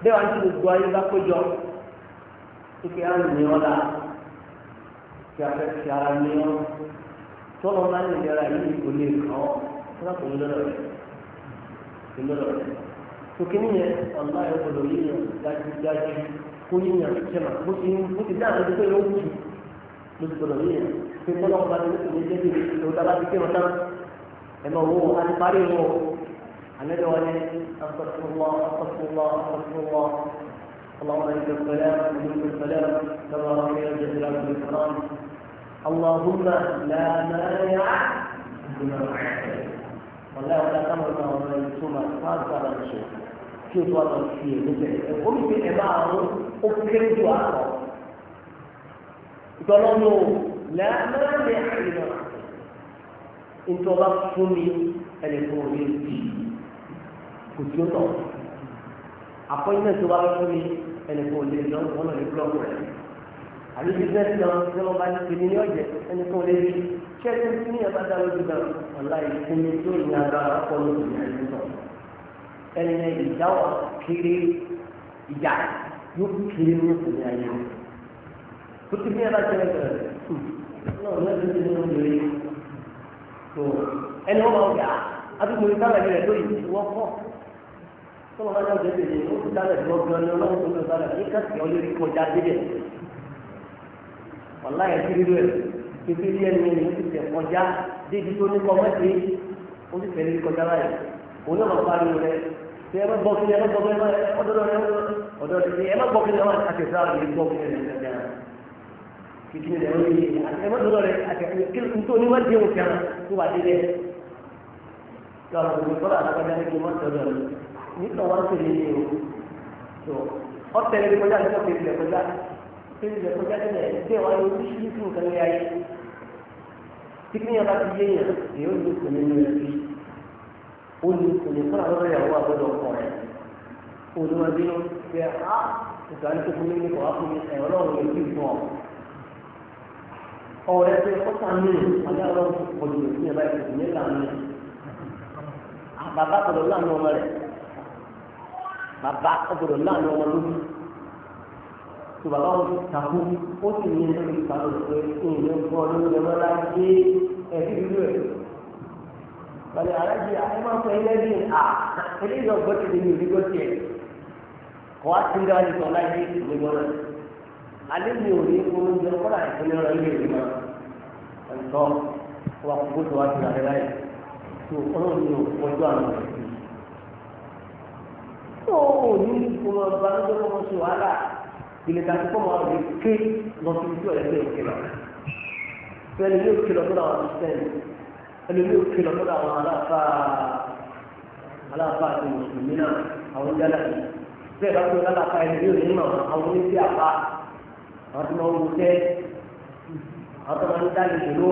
Speaker 1: bẹ́ẹ̀ wá ní gbogbo ayé bá péjọ kíkẹ́ àrùn ní ọ́lá kí afẹ́ṣe ara ní ọ́ tọ́lọ́ máa ń lè ra yìí kò lè kàn ọ́ fúnra kò ń lọ́rọ̀ rẹ̀ kò lọ́rọ̀ rẹ̀. tòkí nìyẹn ọ̀la ẹ̀ gbọ́dọ̀ yíyan dájúdájú kó yíyan kí bó ti dáhùn ẹni pé ó lóṣùgbọ́n yìí pé bọ́lá ọba ní oṣù méjèèjì tó dábàá ti kírun tán ẹ máa wo alipari wo àlejò wọn ni asọ́fúnmọ́ asọ́fúnmọ́ asọ́fúnmọ́ اللهم انت السلام ومنك السلام كما رأينا جزيلا من الكرام اللهم لا مانع لما اعطيت والله لا تمر كيف tọ́lọ́nù lẹ́ẹ̀mẹ́rin àìlọ́ ìtọ́lá fún mi ẹni fún mi bì kò tí ó tọ̀ àpọ́nyìnà tó bá fún mi ẹni fún mi lọ wọn lọ ní búlọ́ọ̀kù rẹ̀ àbí bísíǹsì náà tí wọ́n bá ní kíni ní ọ̀jẹ̀ ẹni fún mi bí ṣẹ́ni tí ní ẹ̀bá dáwọ́ jù náà ọ̀la ìsinmi tó ní agbára ọkọ̀ ló ti yàn tọ̀ ẹni ìdáwọ̀ kiri ìjà yóò kiri ní ìsinmi ayé rẹ̀. Putih dia baca baca. No, no, no, no, no, no. So, ẹni wọ́n máa ń gbà àti mo ní sálà yẹn lórí ìwọ́ pọ̀. Tó wọn bá yọ ọjọ́ ìdílé ó ti sálà ìwọ́ gan ni ọlọ́run tó ń lọ sálà ní kàtí ọ lórí kọjá débẹ̀. Ọ̀la yẹn ti rírú ẹ̀ títí rí ẹni ẹni ó ti tẹ̀ kọjá débi tó ní kọ́mẹ́tì ó ti tẹ̀lé kọjá láyé. Òun náà máa pariwo rẹ̀ ṣe ẹ má gbọ́ kí ẹ má gbọ́ kí ẹ má ọdọ́dọ́ ẹ má gbọ́ kí ẹ má àtẹ̀sára ẹ gbọ́ kí ẹ má ìdílé rẹ̀ lórí ẹ̀mọ́tòdó rẹ̀ àti nítorí wọ́n dé òun fẹ́ràn tó wà délé lọ́wọ́ gbogbo kọ́lá àtàkọ́jà ní kí mọ́tòdó rẹ̀ nítorí wọ́n tẹ̀lé ní o tó ọ̀tẹ̀lẹ̀ ní kọjá nípa kejì rẹ̀ kọjá kejì rẹ̀ kọjá nílẹ̀ dé wọ́n yóò ní ṣíṣí fún nǹkan lé ayé tí kí ni ọba ti yé yàn èyí ó ní kò ní ní ẹbí ó ní kò ní kọ́lá lọ́rọ̀ ìyàwó àgbọ̀dọ̀ ọkọ rẹ̀ olùwàdínú fẹ́ á ìgbà ní ọ̀rẹ́ pé ó sàn ní ìpàdé ọlọ́run olùdó sí ẹ̀bá ìpèsè ní ìlànà rẹ̀ bàbá gbọdọ̀ láàánú ọmọ rẹ̀ bàbá gbọdọ̀ láàánú ọmọ lójú tó bàbá wọn takú ó sì ní ẹgbẹ́ ìgbà lọ pé èyí ló ń bọ́ lórí ẹ̀rọ láti à ah, ah, ní alẹ́ ni ò ní kó oúnjẹ kọ́lá ìpínlẹ̀ ọ̀rọ̀ ilé ìlú náà ẹ̀ńtọ́ wa To gbódò wá sí ìrànlẹ́ láyé tó ọlọ́run ní òkúpọ̀jọ́ àwọn ọ̀rẹ́ sí i. tó o ní kó máa ba lọ́jọ́ kó máa ṣe wàhálà ìlẹ̀ tàbí kó máa lè ké lọ sí ojú ọ̀rẹ́ sí òkè lọ. ẹni yóò ké lọ lọ́dọ̀ àwọn kristian ẹni yóò ké lọ lọ́dọ̀ àwọn aláfáà aláfáà ti mùsùlùmí náà àwọn jálá bẹ́ẹ̀ bá tó lálàfáà ẹni yóò ní àwọn tó máa ń wúṣẹ́ àwọn tó máa ń dáàbò pẹ̀lú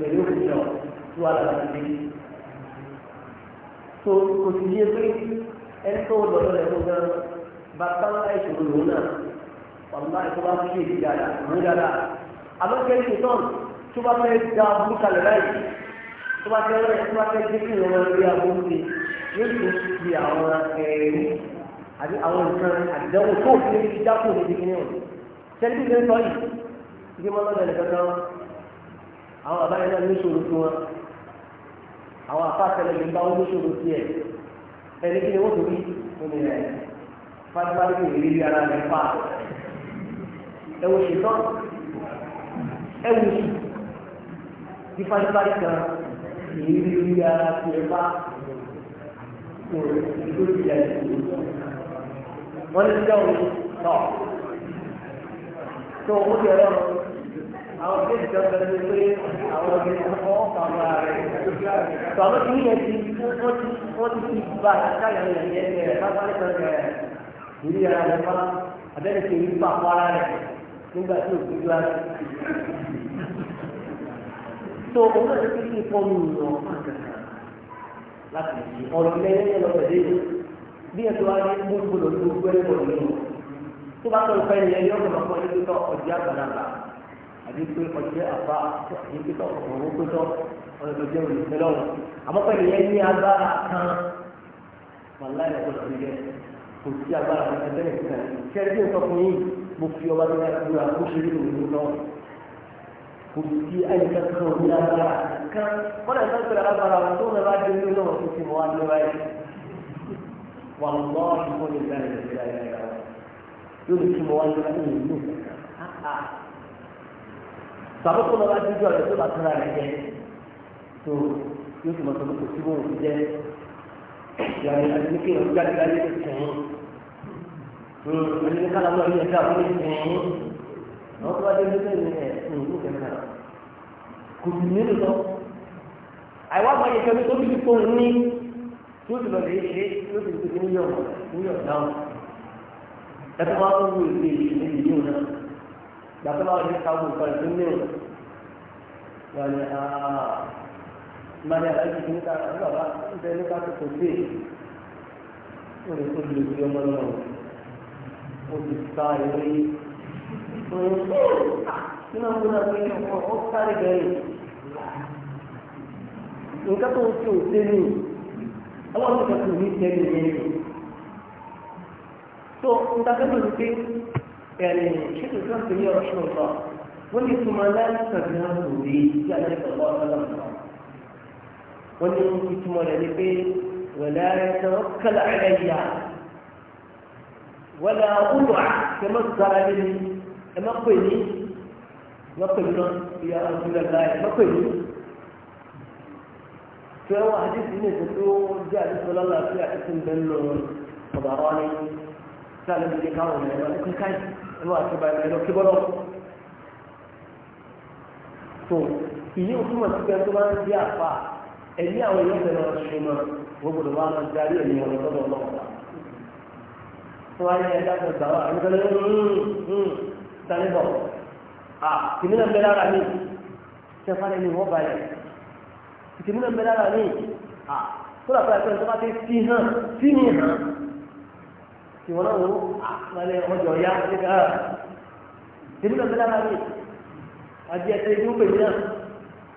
Speaker 1: pẹ̀lú òkùnjọ tó wà lára ti dé. tó kò sì yé pé ẹni tó wọ lọ́dọ̀ rẹ̀ fún gan bàtà ńlá ìṣòro lòun náà wàlúwà tó bá fi èyí dáadáa mú dáadáa àmọ́ kẹ́lí ìtàn tó bá fẹ́ da búkàlẹ̀ láì tó bá fẹ́ rẹ̀ tó bá fẹ́ dé kí ìrọ̀rùn ẹgbẹ́ àbúrò ṣe yóò tó fi àwọn ẹ̀rí àbí àwọn nǹkan àdéhùn tó fi dákò níbi kíní ọ̀hún sẹ́ni bí lóyún sọ yìí ìdí mọ́ lọ́dọ̀ ẹ̀lẹ́ kankan àwọn bàbá yẹn náà ní ìṣòro fún wọn àwọn àfa àtẹlẹ lè bá wọn ní ìṣòro sí ẹ ẹni kí ni wọ́n tóbi omi rẹ̀ fáfáfá kò rí ara rẹ̀ fà ẹwọ ṣetán ẹwọ ṣù tí fáfáfá kan kì í rí ara rẹ̀ fà kò rí ìṣòro sí ẹ wọ́n ní sẹ́wọ̀n náà
Speaker 3: tó o ti rẹ̀
Speaker 1: àwọn ọ̀gbìn ìjọ bẹ̀rẹ̀ ní pé àwọn ọ̀gbìn ìjọ ọ̀pá rẹ̀ tó àwọn ìlú yẹn ti wọ́n ti fi bá káyọ̀ yẹn yẹn rẹ̀ pápá rẹ̀ ìlú yẹn rẹ̀ fá abẹ́rẹ́ ti rí pàpọ̀ ara rẹ̀ nígbà tí òkú ju ara tó o náà ti fi fọ́ọ̀mù ìlú ọ̀pá kankan láti ọ̀rọ̀ lẹ́yìn lọ́pẹ̀lẹ́ bí ẹ̀ tó wá ní gbogbo lọ́dún gbẹ́rẹ́ bọ̀ nínú tó bá tọ̀ ìfẹ́ yẹn yọ ọ̀gbọ̀n fún ẹni tó ọjọ́ àgbàlagbà àbí pé ọjọ́ àbá àbí pé ọ̀gbọ̀n owó pé tọ́ ọ̀rẹ́ tó jẹ́ olùfẹ́ lọ́wọ́ àmọ́ pẹ́ yẹn ní agbára kan wàláì ọ̀gbọ̀n ti rẹ̀ kò sí agbára kan ẹgbẹ́ ìfẹ́ kẹ́rẹ́ bí o sọ fún yín mo fi ọba tó yára kúra kó ṣe nínú ìlú kò sí ẹnìkan kan wọ́n lè yóò lè túmọ̀ wáyé wáyé ní ìlú bàbá tó lọ bá dídú ọ̀rẹ́ tó bá tó ra jẹ tó yóò túmọ̀ tó kò sí wọn òfin jẹ yàrá ìlànà ní kéèyàn jáde láyé tó tẹ̀ ẹni ní kálá lọ́ọ́ yẹ ká wọ́n lè tẹ̀ ẹ́ bá dé lóde ní ẹ̀ ń lù kẹ́kẹ́ kò sì ní lọ àìwá máa yẹ kẹ́mi tó bí fóun ní yóò ti lọ lè ṣe yóò ti lè ṣe ní yọ̀ ní yọ̀ dáhùn ẹtọ́ bá tó wù ìdí èyí níbi yóò náà gbàtọ́ bá wọlé káwọn nǹkan ìlú ní òun wà ní mmadụ aláìsí kí níta nígbà bá ń bẹ nípa tó kò sí wọn lè tó lu ìdí ọmọ náà ó ti sá ìwé nínú àwọn náà pé ọkọ ó sáré bẹ́ẹ̀ nǹkan tó ń ṣe òṣèlú ọlọ́run kan tó ní tẹ́lẹ̀ yẹn. tó ń dákẹ́lò ní pé ẹ̀rìn ṣètò tó ń pè ní ọ̀ṣun ọ̀gbà wọ́n ní tó máa láyé kàbí náà lò rí sí àlẹ́kọ̀ọ́ ọ̀gbà wọ́n ní ìtumọ̀ rẹ̀ ní pé wẹ̀lẹ́ ẹ̀rọ kẹlẹ̀ ẹ̀rẹ́ yà wẹ̀lẹ́ ọ̀gbà kẹmọ́ sára lé ní ẹ̀mọ́ pè ní ẹ̀mọ́ pè ní lọ ìyá ọ̀gbìn láyé ẹ̀mọ́ pè ní fẹ́ràn àdéhùn ní ètò tó jẹ́ àdéhùn lọ́la sí àdéhùn bẹ́ẹ̀ lọ ọ̀bàrọ̀ ni tí a káwọn ọmọ ẹ̀rọ ẹ̀kọ́ káyì ẹ̀rọ àti ìbára ẹ̀rọ kí bọ́lọ́. tó ìyí òfin mọ̀ síbẹ̀ tó máa ń di àpá ẹ̀yí àwọn èèyàn tẹ̀lé ọ̀rọ̀ ṣe mọ́ wọ́n gbọ́dọ̀ wá lọ sí ẹ̀yìn ọ̀rọ̀ tọ́lọ̀ ọlọ́wọ́ wọ́n balẹ̀ kìnnì náà mẹ́lá ara mi ah kódà kódà kódà tó bá tí wọn náà wò ó àpẹẹrẹ ọjọ ya nígbà tèmi náà bẹlẹ àbáyé àti ẹsẹ ìlú pèmí náà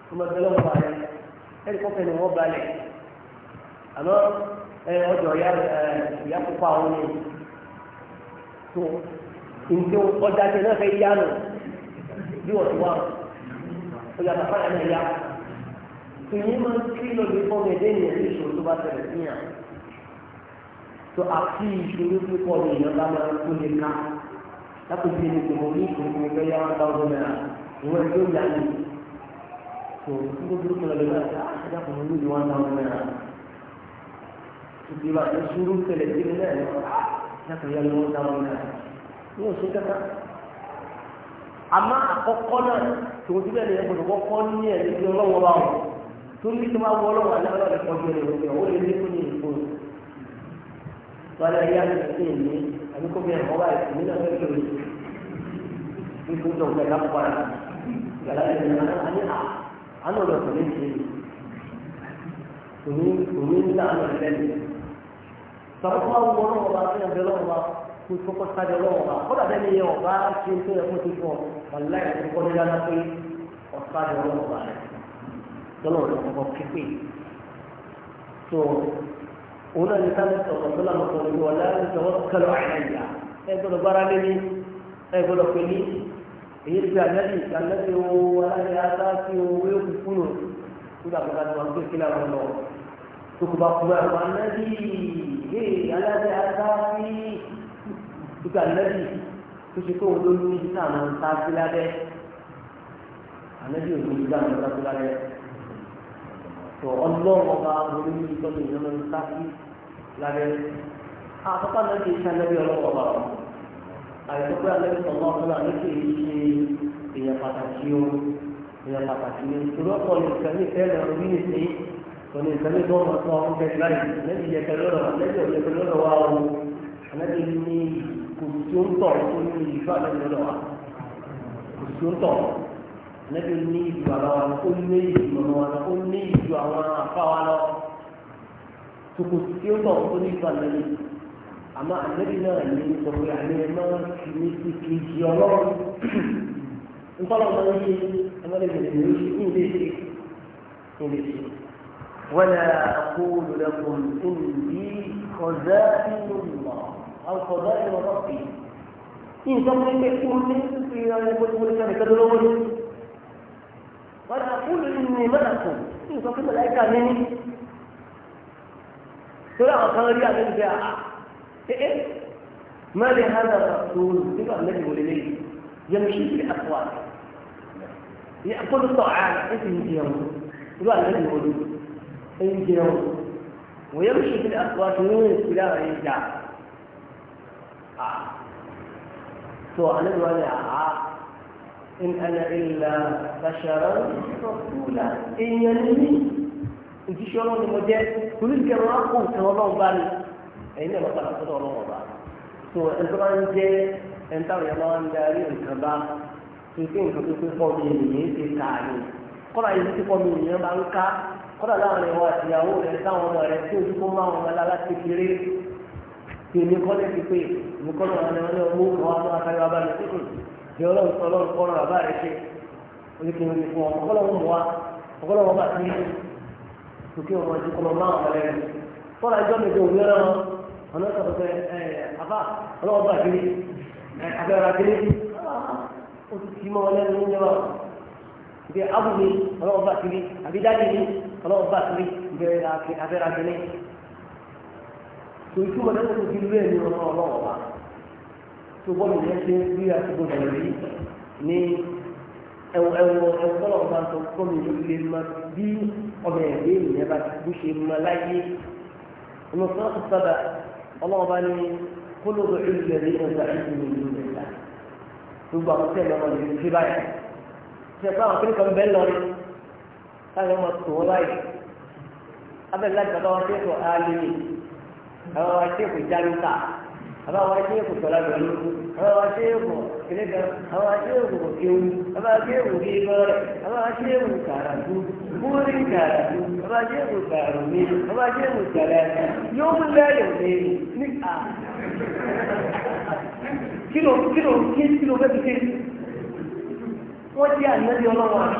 Speaker 1: tó máa bẹlẹ ọgbà rẹ ẹni kọfẹ ni wọn balẹ àmọ́ ọjọ ya ìyá pupa àwọn ni tó nǹkan ọjà tẹ náà fẹ yá nù bí wọn ti wá ọjà tàfáyà náà yá tòun yìí máa ń kí lọ bí fọmọ ẹdẹ ènìyàn ní ìṣòro tó bá tẹ́lẹ̀ sí yàn tó àti ìṣòro púpọ̀ ní ìyọ̀nba máa ń kú ní ká lápòtí ẹni tó mọ̀ ní ìṣòro tó fẹ́ yá wọn bá ọdún náà ìwọ ẹgbẹ́ ìyá ni tó nígbà tó kọ̀ lọ́dọ̀ náà ṣe àṣẹjà kò ní ìlú wọn náà wọn náà tòbí wa ní sùúrù tẹ̀lé sí ní náà yàtọ̀ yá ni wọn náà wọn náà ní oṣù kẹta àmọ́ àkọ́kọ́ náà tòun ti bẹ́ẹ̀ ni ẹgbẹ́ kọ́kọ́ ní ẹ̀ torí tí ọlọ́wọ́ àlẹ́ ọlọ́rẹ̀ ní wálé ayé àti ìpín ìní àbí kó bẹ̀rẹ̀ wọ́n báyìí ìní náà fẹ́ lórí ikú tó ń bẹ̀ ká pọ̀ rà yàrá ìlú náà á ní àánú ọ̀dọ̀ kò ní ṣe òní òní ní àánú ẹ̀fẹ́ mi. Sọ̀rọ̀ fún àwọn ọmọ ọba fún ẹgbẹ́ lọ́wọ́ wa kó kókó sáré lọ́wọ́ wa kó dàbẹ́ mi yẹ ọba ṣe tó yẹ fún tuntun ọ̀ láì òun náà ní sáré sọ̀rọ̀ tó lànà sọ̀rọ̀ ní wọlé ní sọ̀rọ̀ kẹlẹ̀ àyàyà ẹ gbọ́dọ̀ gbára lé ní ẹ gbọ́dọ̀ pè ní èyí ti ànábì ànábì o aláyẹ aláfi o wíwò kúkúrò nígbà tó bá ti wọn tó kí náà lọ tó kó bá kúrò àwọn ànábì ee aláyẹ aláfi nígbà ànábì tó ṣe kó wọn ló ní ní sàmù sáfì lábẹ́ ànábì ò ní ní sàmù lábẹ́rẹ́ àkọ́kọ́ náà kì í ṣe alẹ́bí ọlọ́wọ́ ọba wọn àìsọ́pẹ́ alẹ́bí sọ̀rọ̀ ọ̀sán náà ní kì í ṣe èèyàn pàtàkì o èèyàn pàtàkì ni torí ọ̀pọ̀ nìkan ní ìfẹ́ lọ rí ní sí òní nǹkan ní bọ́ọ̀mù ọ̀sán ọ̀hún kẹ́kẹ́ láì lẹ́bi yẹkẹ lọ́dọ̀ lẹ́bi òyẹkẹ lọ́dọ̀ wa o alẹ́bi ní kò tí ó ń tọ̀ ní ìlú alẹ́bi ọmọ wa ní ìlú àwọn afáwa lọ́wọ́ kòkò tí ó tọ̀ ó ní ìtọ́ ànábì àmọ́ ànábì náà ní ìtọ́wé àníyàn máa fi ní ti kejì ọlọ́run ntọ́lọ́ máa ń ṣe ẹmọ́lẹ́gbẹ̀rẹ̀ ní oṣù ní ilé ṣe ní ilé ṣe. ولا أقول لكم إني خزائن الله أو خزائن ربي إن تملك كل في يقول لك كذلون ولا أقول إني معكم إن تملك ملائكة مني ترى خارج عن الجاعة ما لهذا الرسول تبع النبي ولدي يمشي في الأسواق يأكل الطعام إذن إيه يوم تبع النبي ولدي إذن إيه يوم ويمشي في الأسواق من سلاة الجاعة آه. تبع النبي ولدي إن أنا إلا بشرا رسولا إن ينمي òjíṣẹ́ ọlọ́run ni mo jẹ́ torí ìkẹ́ ọlọ́run kò nǹkan ọlọ́run bá mi ẹ̀yin náà lọ́pàá lọ́pàá ọlọ́run ọba tó ẹni tó bá ń jẹ́ ẹni táwọn yẹn máa ń darí nǹkan bá tó ké nǹkan tó pé pọ̀ mi ènìyàn ti kà á ní kọ́ra yìí ti pọ̀ mi ènìyàn máa ń ká kọ́ra láwọn ẹ̀wọ̀ àtìyàwó rẹ̀ táwọn ọmọ rẹ̀ tó ojú kó máa wọn lálá ti kéré ni wọ́n ní owó kan wá tòkí ọmọ ẹjẹ kọmọ máa wà lẹ́nu tọ́lá ẹjọ́ mi jẹ́ òun yẹn náà ọ̀nà ìsọ̀tọ̀ fẹ́ ẹ àbá ọlọ́wọ́ bá kiri ẹ abẹ́rẹ́ kiri ó ti kì í mọ́ wọn lẹ́nu ní ìjọba ibi abu mi ọlọ́wọ́ bá kiri àbí dájú mi ọlọ́wọ́ bá kiri abẹ́rẹ́ kiri tòkí ọmọ ẹjẹ kò kiri lé ẹni ọlọ́wọ́ bá tó bọ́ mi yẹn ṣe bí àtúgbò ẹwọ ẹwọ ẹwọ tọ́lọ̀ bá sọ fún mi lórí lè ma bí ọmọ ẹ̀dẹ́ ìyẹn bá bó ṣe ma láyé ọmọ sọ́ọ́ ti sábà ọlọ́wọ́ bá ní kólóbó ìlúlẹ̀ ní ọjà ìlú ìlú rẹ̀ la gbogbo àwọn tẹ̀lé ọmọ ìlú ṣe báyìí ṣe pé àwọn kíríkan bẹ́ẹ̀ lọ rí táwọn ọmọ tó wọn báyìí abẹ́lẹ́ láti bàbá wọn ṣe é sọ ààlẹ́ àwọn ọmọ ṣe é kò ta àbáwá ṣéèkù tọ́lá pẹ̀lú àbáwá ṣéèkù kìnìkan àbáwá ṣéèkù kéwù àbáwá ṣéèkù kéwọ́rẹ̀ àbáwá ṣéèkù kàràkú búrí kàràkú àbáwá ṣéèkù kàrùmí àbáwá ṣéèkù kàràkú yóò mú lẹ́yìn lẹ́yìn ní à. kílò kílò kí kílò bẹ́ẹ̀ ti kéré wọ́n jẹ́ ànábi ọlọ́run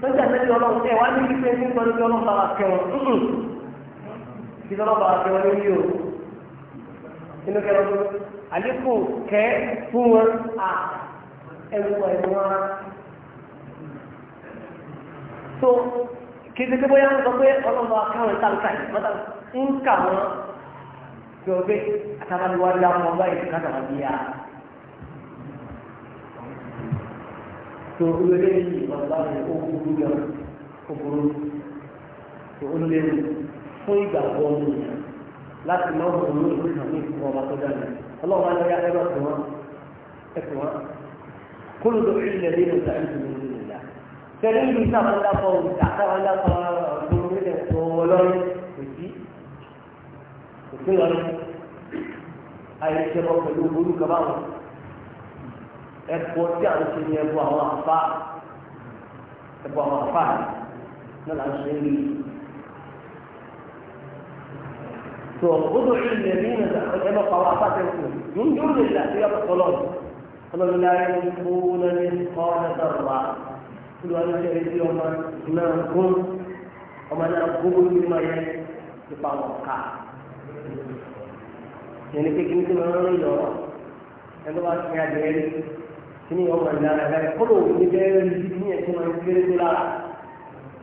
Speaker 1: wọ́n jẹ́ ànábi ọlọ́run ẹ̀ wá ní ibi ní ìtọ́jú inú kẹrọ fún àlékò kẹ fún wọn à ẹwù ẹwù wọn so kí ni kébọ́ yẹn ń sọ pé ọlọ́mọ akáwọn ìtàlùkà yìí mọ́tà ń kà wọ́n tí o gbé àtàbàlùwárí àwọn ọba yìí kàtàkà bí yà tó olóde yìí ọba yìí ó burú yọ ó burú tó olóde yìí fún ìgbàgbọ́ ọmọ yìí láti máa wọ ní ìlú kan ní ìfún ọba tó dáná ọlọ́run máa ń yá ẹ̀rọ tó wọn ẹ̀kọ́ wọn kó ló dọ̀rọ̀ ilẹ̀ nínú ìtàkùn ìlú ìlà tẹ̀lé ìlú ìsàkọ́ńdàpọ̀ ìsàkọ́ńdàpọ̀ ọ̀dọ́ orílẹ̀ tó wọlọ́rin kò sí kò sí lọ́rin àìsèbọ̀ pẹ̀lú olúkọ báwọn ẹ̀kọ́ tí à ń ṣe ní ẹ̀bù àwọn àfáà ẹ̀bù àwọn àfáà náà tó odò ilẹ̀ ní ẹ̀bẹ̀ pàwọ́ apáṣẹ kù yóò yóò lè là sí ọ̀pọ̀ lọ́dún ọlọ́run láyé ń kó lẹ́ni kọ́ lẹ́sọ̀rọ̀ wa kí ló ń ṣe sí ọmọ náà gún ọmọ náà gún bó ti máa yẹ nípa wọn ká yẹnni kékeré tí wọn ń lọ ẹni wá sí adìyẹ rí kí ni ọmọ ìlà rẹ bẹ́ẹ̀ kó lóò ní bẹ́ẹ̀ rí ní ẹ̀sìn máa ń kéré tó lára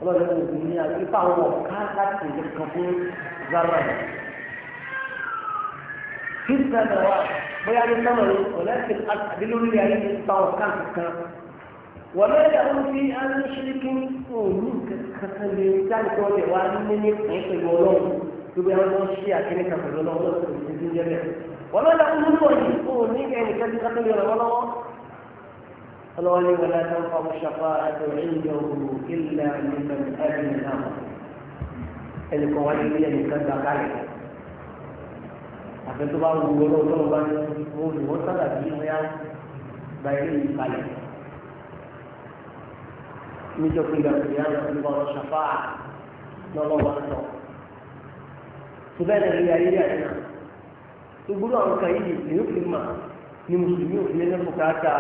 Speaker 1: ọlọ́run kò ní àti nípa wọn ká láti ìlú kan fún zara yẹn. في السماوات ويعني الثمر ولكن أدلوا لي عليه الطوكان كان وما لهم في أن يشركوا منك كتن ذلك وجه وأن من يقص الولون يبقى هو الشيء كني كفر الولون وما لهم من وجه منك يعني كتن كتن الولون الولي ولا تنفع الشفاعة عنده إلا لمن أذن له القوانين اللي كتبت عليه àtẹ̀tọ́ bá wù ọ́ lọ́wọ́ tọ́lọ́ bá ní olùwọ́ sábà bí ọ̀yá gba ilé yìí kalẹ̀ níjọ́ pé ìgbàgbọ́ ìyá lọ sí ọ̀rọ̀ ṣàfà lọ́wọ́ wọn sọ. Tùbẹ́lẹ̀ rí ayé rẹ̀ náà. Ìgbúrò àwọn kan yìí ni ó fi mà ní Mùsùlùmí òfin ẹgbẹ́ bùkátà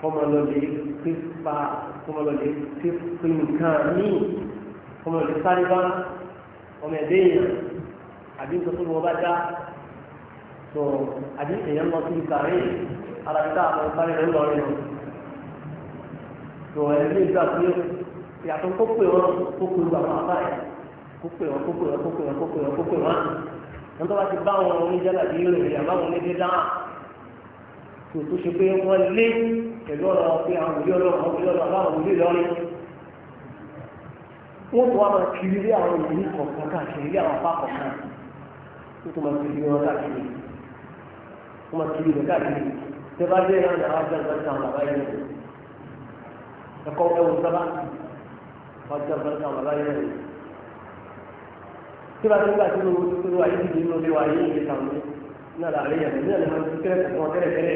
Speaker 1: kọmọlọ́lẹ̀ pípa kọmọlọ́lẹ̀ pípín nǹkan míì kọmọlọ́lẹ̀ sáré bá ọmọ ẹ̀dẹ́ yẹn àbí nǹkan tó lọ́wọ́ bá dá tó àbí èèyàn lọ sí ìkàrí ara ìta àwọn ìparí rẹ̀ lọ rẹ̀ tó ẹni ní ìgbà pé ìyàtọ̀ kó pè wọ́n kó pè wọ́n àwọn afá yẹn kó pè wọ́n kó pè wọ́n kó pè wọ́n kó pè wọ́n kó pè wọ́n wọn tó bá ti bá wọn oníjàlá bí rè rè àbáwọn onídé dáhà tó tó ṣe pé wọ́n lé pẹ̀lú ọ̀rọ̀ pé àwọn òbí ọlọ́run àwọn òbí ọlọ́run àwọn òbí lọ́rin wọ́n tó wá máa kiri lé àwọn òbí kọ̀ọ̀kan káàkiri lé àwọn apá kọ̀ọ̀kan tó tó máa kiri wọn káàkiri tó máa kiri wọn káàkiri tẹ bá dé náà làwọn ajá ìgbà kan bàbá yẹn ẹkọ ẹwù sábà wọn ajá ìgbà kan bàbá yẹn tí wọn gbà tó tó wà yìí nínú ilé wa yìí ìgbà kan náà làwọn yẹn ní àlẹ́ máa ń kéré kọ̀ọ̀kan kéré kéré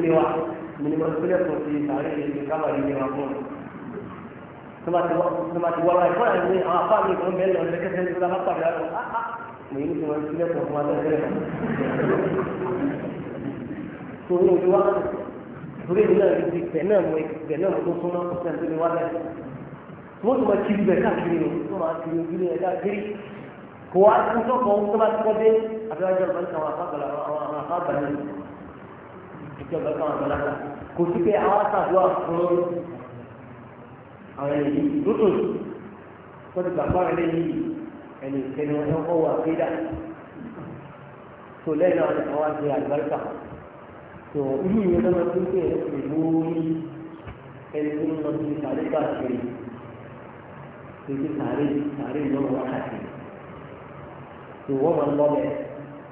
Speaker 1: ni wa mímọ́ ìpínlẹ̀ kan ti sàárè ìlú kábà ilé wa fún un tọ́mátì wọ́n láì fún àwọn àmì àwọn afáàmì kan bẹ́ẹ̀ lọ lẹ́kẹ́sẹ̀ ní ìlú lápá ìlú àwọn mo yí ti wọn sílẹ̀ tó fún abẹ́rẹ́ rẹ̀ tó ní ojú wa torí èmi náà ti bẹ̀ náà mo bẹ̀ náà mo tó súnmọ́ ọ̀sẹ̀ tó ní wá bẹ̀ wọ́n ti máa kiri bẹ̀ káàkiri ni wọ́n máa kiri ojúlé ẹ̀ káàkiri kò wá sí tó kọ́ tó bá ti kọ́ dé abẹ́rẹ́ ọjọ́ ìbánisọ̀ àwọn afábàlà àwọn afábàlà ìjọba kan àgbàlagbà kò sí pé àwọn àtàdúrà fún àwọn ènìyàn lótò wọ́n ti gbàgbọ́ àwọn ènìyàn ẹni ìkẹni wọn kọ́ wà kéda tó lẹ́yìn náà àwọn àti àlùbáríkà tó irú ìwé náà máa tún kéde ẹ̀sìn lórí ẹni tó ń lọ sí sàrí káàkiri títí sàrí sàrí lọ́wọ́ wákàtí tó wọ́n máa lọ bẹ́ẹ̀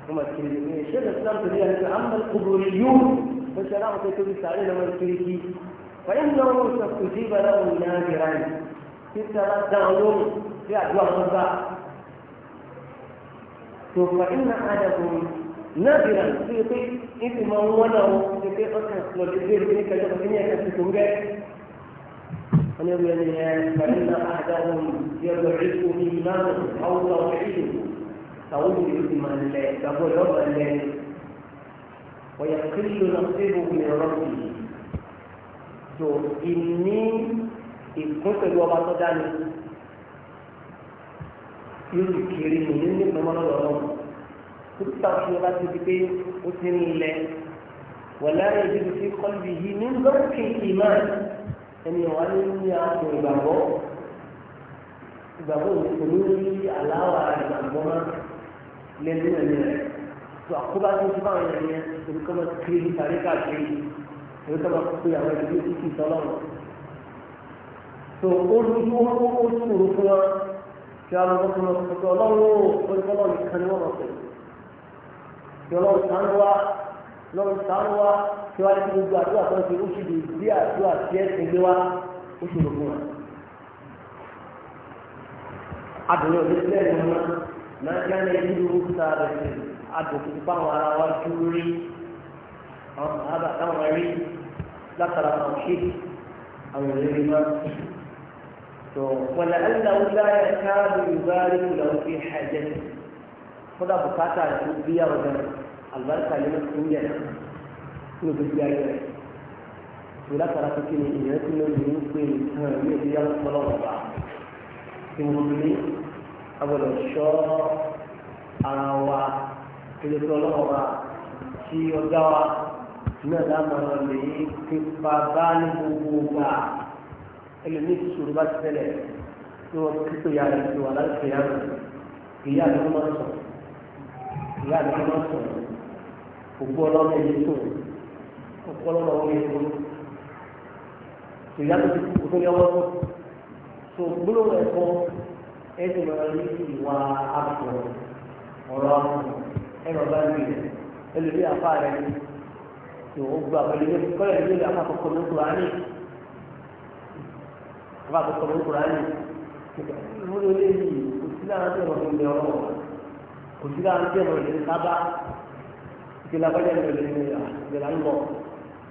Speaker 1: wọ́n máa kiri ní ṣé lè sọ́dọ̀ tó yẹ kí àwọn kúrò yóò wọ́n ṣe aláwọ̀ tó tóbi sàrí lọ́wọ́ kiri kí fẹ́yìn lọ́wọ́ sọ̀tù sí ìbára òun náà kìrá yìí títí sàrá dáhùn lóhùn sí àdúrà wọn bá tó fa ada àdàgùn nàbìrà sí pé ìsì máa ń wọ́nà o ṣe pé ọkàn lọ́dún gbé ìdí ní kẹjọ kí ní ẹ̀ka ti tó ń gẹ́. wọ́n ní wíwẹ́ni ẹ̀ fa iná àdàgùn yọ̀dọ̀ ìkú ní ìmáàmù àwùjọ ìlú àwọn ìlú ti máa lẹ̀ gbàgbọ́ yọ̀ máa lẹ̀ ويقل نصيبه من ربه تو إني إن كنت الوضع تداني yóò lè kiri mò ní ní ìpamọ́ lọ́wọ́ kúrúta fún wa ti di pé ó ti ń lẹ wàlá ìdí tó fi kọ́ ibi yìí ní lọ́ọ̀kì ìmọ̀ ẹni wà ní ní àwọn ìgbàgbọ́ ìgbàgbọ́ olórí aláwà ìgbàgbọ́ lẹ́nu ẹ̀mí rẹ̀ tó àkóbá tó ti báwọn ẹ̀mí yẹn olùkọ́ máa kiri níparí káàkiri olùkọ́ máa kó àwọn ìdílé títí sọ́lọ́run tó ó lójú ó ṣòro fún wa kí wọn lọ fún ọkọ pé ọlọ́run ó oníkọlọ nìkan ni wọn lọ pè kí ọlọ́run sànú wa lọ́run sànú wa kí wọn lè fi gbogbo àdúrà tó ń ṣe oṣù lè gbé àdúrà tí ẹ ti gbé wa oṣù lè fún wa. adùn yóò lè bẹ́ẹ̀ ni wọn náà kí wọn lè yí lóru sáré adùn tó bá wọn ara wa dúró rí àwọn àbá táwọn rí látara àwọn ṣe àwọn ìrírí máa ń tì. ولأنه لا يكاد يبارك له في حاجته خدا بكاتا بيا وجن البركة لما تكون جنة كل بيا وجن ولا ترى تكني إن كل من يمكن أن الله ولا ربع في مبني أول الشر أروا إذا كل ربع شيء وجوا نادم عليه كفابان بوبا ẹlòmíì ti ṣòro bá ti tẹ́lẹ̀ tí wọ́n ti tó yára ti wà láti yá rẹ̀ ìyá mi máa sọ ìyá mi máa sọ òkú ọlọ́mọ ẹni tó òkú ọlọ́mọ ẹni tó ìyá mi ti kú tó yọwọ́ tó tó gbólóhùn ẹ̀kọ́ ẹni máa rí ìwà àpò ọ̀rọ̀ àpò ẹ̀rọ bá rí rẹ̀ ẹlòmíì àfa rẹ̀ tó gbà pẹ̀lú ẹni kọ́lẹ̀ ẹni àfa kọ̀ọ̀kan ní kúrò á ní àbá tó sọ lórúkọ rẹ̀ ní lórí eléyìí kò sí lára tí ọmọ ìlú ọ̀rọ̀ kò sí lára tí ọmọ ìlú sábà ìkìlá bẹ́ẹ̀ ní ìlú ìlú àgbọ̀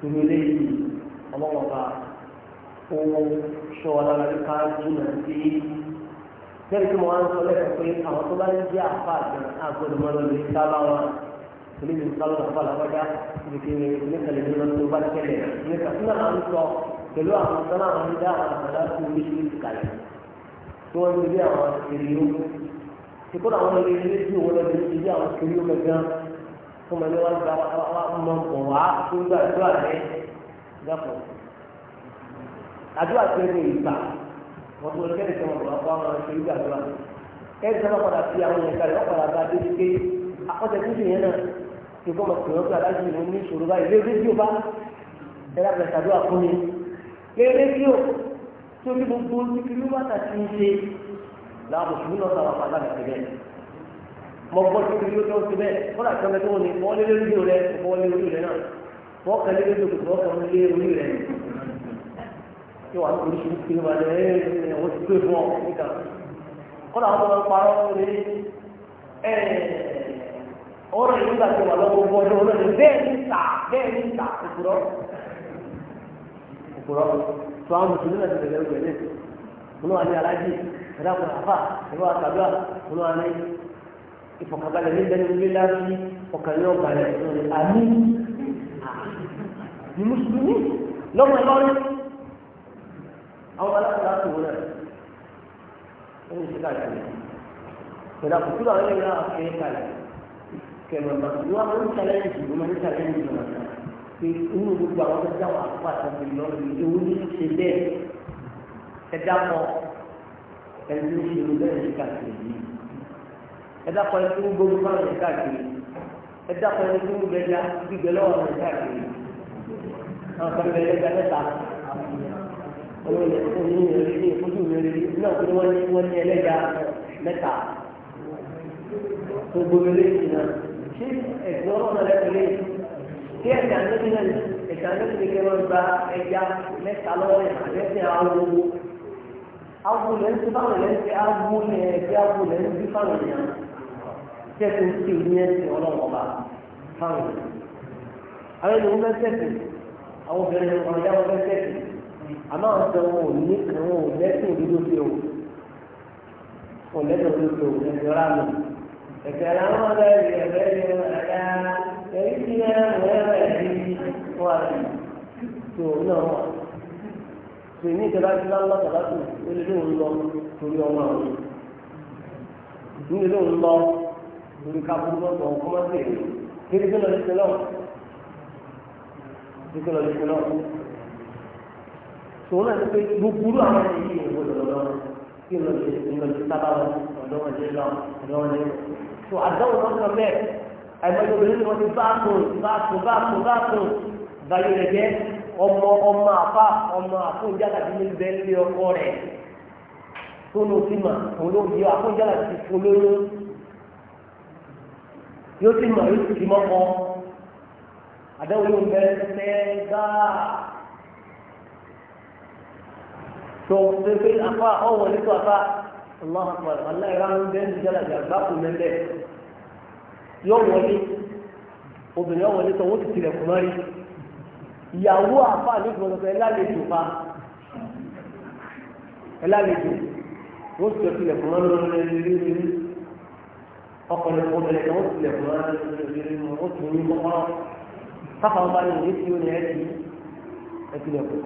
Speaker 1: lórí eléyìí ọmọ ọba ohun ṣọwọ́lá lórí ká jìnnà sí lẹ́yìn tí mo wá ń sọ lẹ́kọ̀ọ́ pé àwọn tó bá ń jẹ́ àfa àgbẹ̀ àgbọ̀dọ̀ mọ́ lórí sábà wọn tòlí ní sábà àfa làwọn já ìdíkẹ́ ní kẹlẹ́ ní lọ́sọ̀rọ̀ bá tẹ̀lé ní kàtúnà à ń sọ pẹ̀lú àwọn sọ́nà àwọn ní dáhùn àwọn ọ̀dà tó lé ní ìkàlẹ̀ tí wọ́n ti rí àwọn kìrìó tí kó àwọn ilé ilé tí òun lọ sí ilé àwọn kìrìó gangan fún mi ní wọ́n gba ọmọ ọ̀pọ̀ wá tó gba àdúrà rẹ̀ dàpọ̀ àdúrà tó ní ìgbà wọ́n tó kẹ́lẹ́ tó wọn bọ̀ wọ́n ṣe ìgbà àdúrà ẹ̀rí sábà padà fi àwọn yẹn kalẹ̀ wọ́n padà bá dé pé ọ̀sẹ̀ tó ti yẹn náà tí kò mọ̀ pé wọ́n gbà láti ìwọ̀n ní ìṣòro báyìí lé pé rédíò tó gbogbo kíkiri wákà tí ń ṣe làwọn mùsùlùmí náà sọ̀rọ̀ pàdé àgbà síbẹ̀ mọ gbọ́ tó kíkiri tó síbẹ̀ wọ́n àti ọmọ tó wọn wọ́n lé rédíò rẹ wọ́n lé orí rẹ náà wọ́n kàn lé rédíò kòtò wọ́n kàn lé orí rẹ tí wọ́n àti oríṣiríṣi kíkiri wà lẹ́yìn ẹ̀wọ̀n ti pé fún níta kọ́nà àwọn ọmọ parọ́ ní ọ̀rọ̀ ìgbà tó wà lọ́wọ́ kòkòrò tó àwọn mùsùlùmí náà ti bẹ̀rẹ̀ ẹ̀rọ ìgbẹ̀lẹ̀ wọn ní aláàjì ẹ̀dá kan àfà ẹ̀rọ àtàdúrà wọn wà ní ìfọ̀kànbalẹ̀ ní ìdẹ́nu ilé láti ọkàn yóò balẹ̀ àmì ní mùsùlùmí lọ́mọ ẹlọ́rin àwọn alákòókò àti òun náà wọ́n ń ṣe káàkiri ẹ̀dá kòkòrò àwọn ẹ̀rọ àfẹ́ káàkiri kẹ̀mọ̀ pé irú gbogbo àwọn ọmọdé àwọn àpàtà mi lọ rí ewu ní ṣe bẹ́ẹ̀ ẹ dákọ̀ ẹni tó ṣe irú bẹ́ẹ̀ ní káàkiri yìí ẹ dákọ̀ ẹni tó ń gbógun fáwọn ẹ̀ káàkiri ẹ dákọ̀ ẹni tó ń gbẹdá gbígbẹ lọ́wọ́ ẹ̀ káàkiri àwọn kan bẹ̀rẹ̀ ẹgbẹ́ mẹ́ta àwọn ilẹ̀ oní ìrírí ní ìfojú ìrírí náà pé wọ́n ní wọ́n ní ẹlẹ́gbẹ́ mẹ́ta gbogbo ìrírí náà ṣé ẹ̀gbọ́n náà lẹ́kọ̀ọ́ tí ẹ̀sìn àdébí náà ní ẹ̀sìn àdébí gba ẹja mẹ́ta lọ́wọ́ yẹn àdébí awo awo lẹ́nu tí báwọn lẹ́nu tí awo yẹn ẹ̀sìn awo lẹ́nu tí báwọn yẹn tí ẹ̀sìn tí ìlú yẹn ti ọlọ́wọ́ bá báwọn yẹn. àwọn ènìyàn bẹ́ẹ̀ sẹ́sì àwọn obìnrin ọmọ ìyá wọn bẹ́ẹ̀ sẹ́sì àmọ́ àwọn sọ wọn ò ní àwọn ò lẹ́sìn òdodo fi o ò lẹ́sìn òdodo fi o ẹ̀sìn ọ̀rá mi ẹ̀sìn سيدنا ويبعدين وعلينا تو نعم سيني تبعت الله تبعت ولدون الله تولي الله ولدون الله تولي كابو الله وكما سيني كيف يكون الاسلام يكون الاسلام tòun náà ti pé gbogbo àwọn ẹni yìí ń gbọdọ̀ lọ́wọ́ kí n lọ sí sábà wọn ọ̀dọ́ wọn lé lọ ọ̀dọ́ wọn lé lọ. tó àdáwò wọn sọ bẹ́ẹ̀ àìmọye obìnrin tí wọ́n ti bá sùn bá sùn bá sùn bá sùn báyìí rẹ̀ jẹ́ ọmọ ọmọ àfa ọmọ àfóúnjálà tí ní bẹ́ẹ̀ lé ọkọ rẹ̀ tó ló ti mà òun ló yẹ àfóúnjálà ti fún lóyún yóò ti mà yóò ti mọ́kọ àdáwò ló ń bẹ fẹ́ gáà tó ṣe pé àfa ọ̀wọ̀ nípa àfa ọlọ́run àpàlà aláìránu bẹ́ẹ̀ ní jálàjà bá kú mẹ́lẹ́ yọ wọlé obìnrin yọ wọlé tán wọ́n ti tilẹ̀ kùn mọ́rí ìyàwó àfa ní ìfowópamọ́ sọ ẹlálejò pa ẹlálejò wọ́n ti tilẹ̀ kùn mọ́rí lórí ọkùnrin obìnrin kan wọ́n ti tilẹ̀ kùn mọ́rí lórí wọ́n ti ní kọ́kọ́rọ́ káfáwọn bá ní ìwé tí ní ẹ̀ ti ẹ̀ tilẹ̀ kùn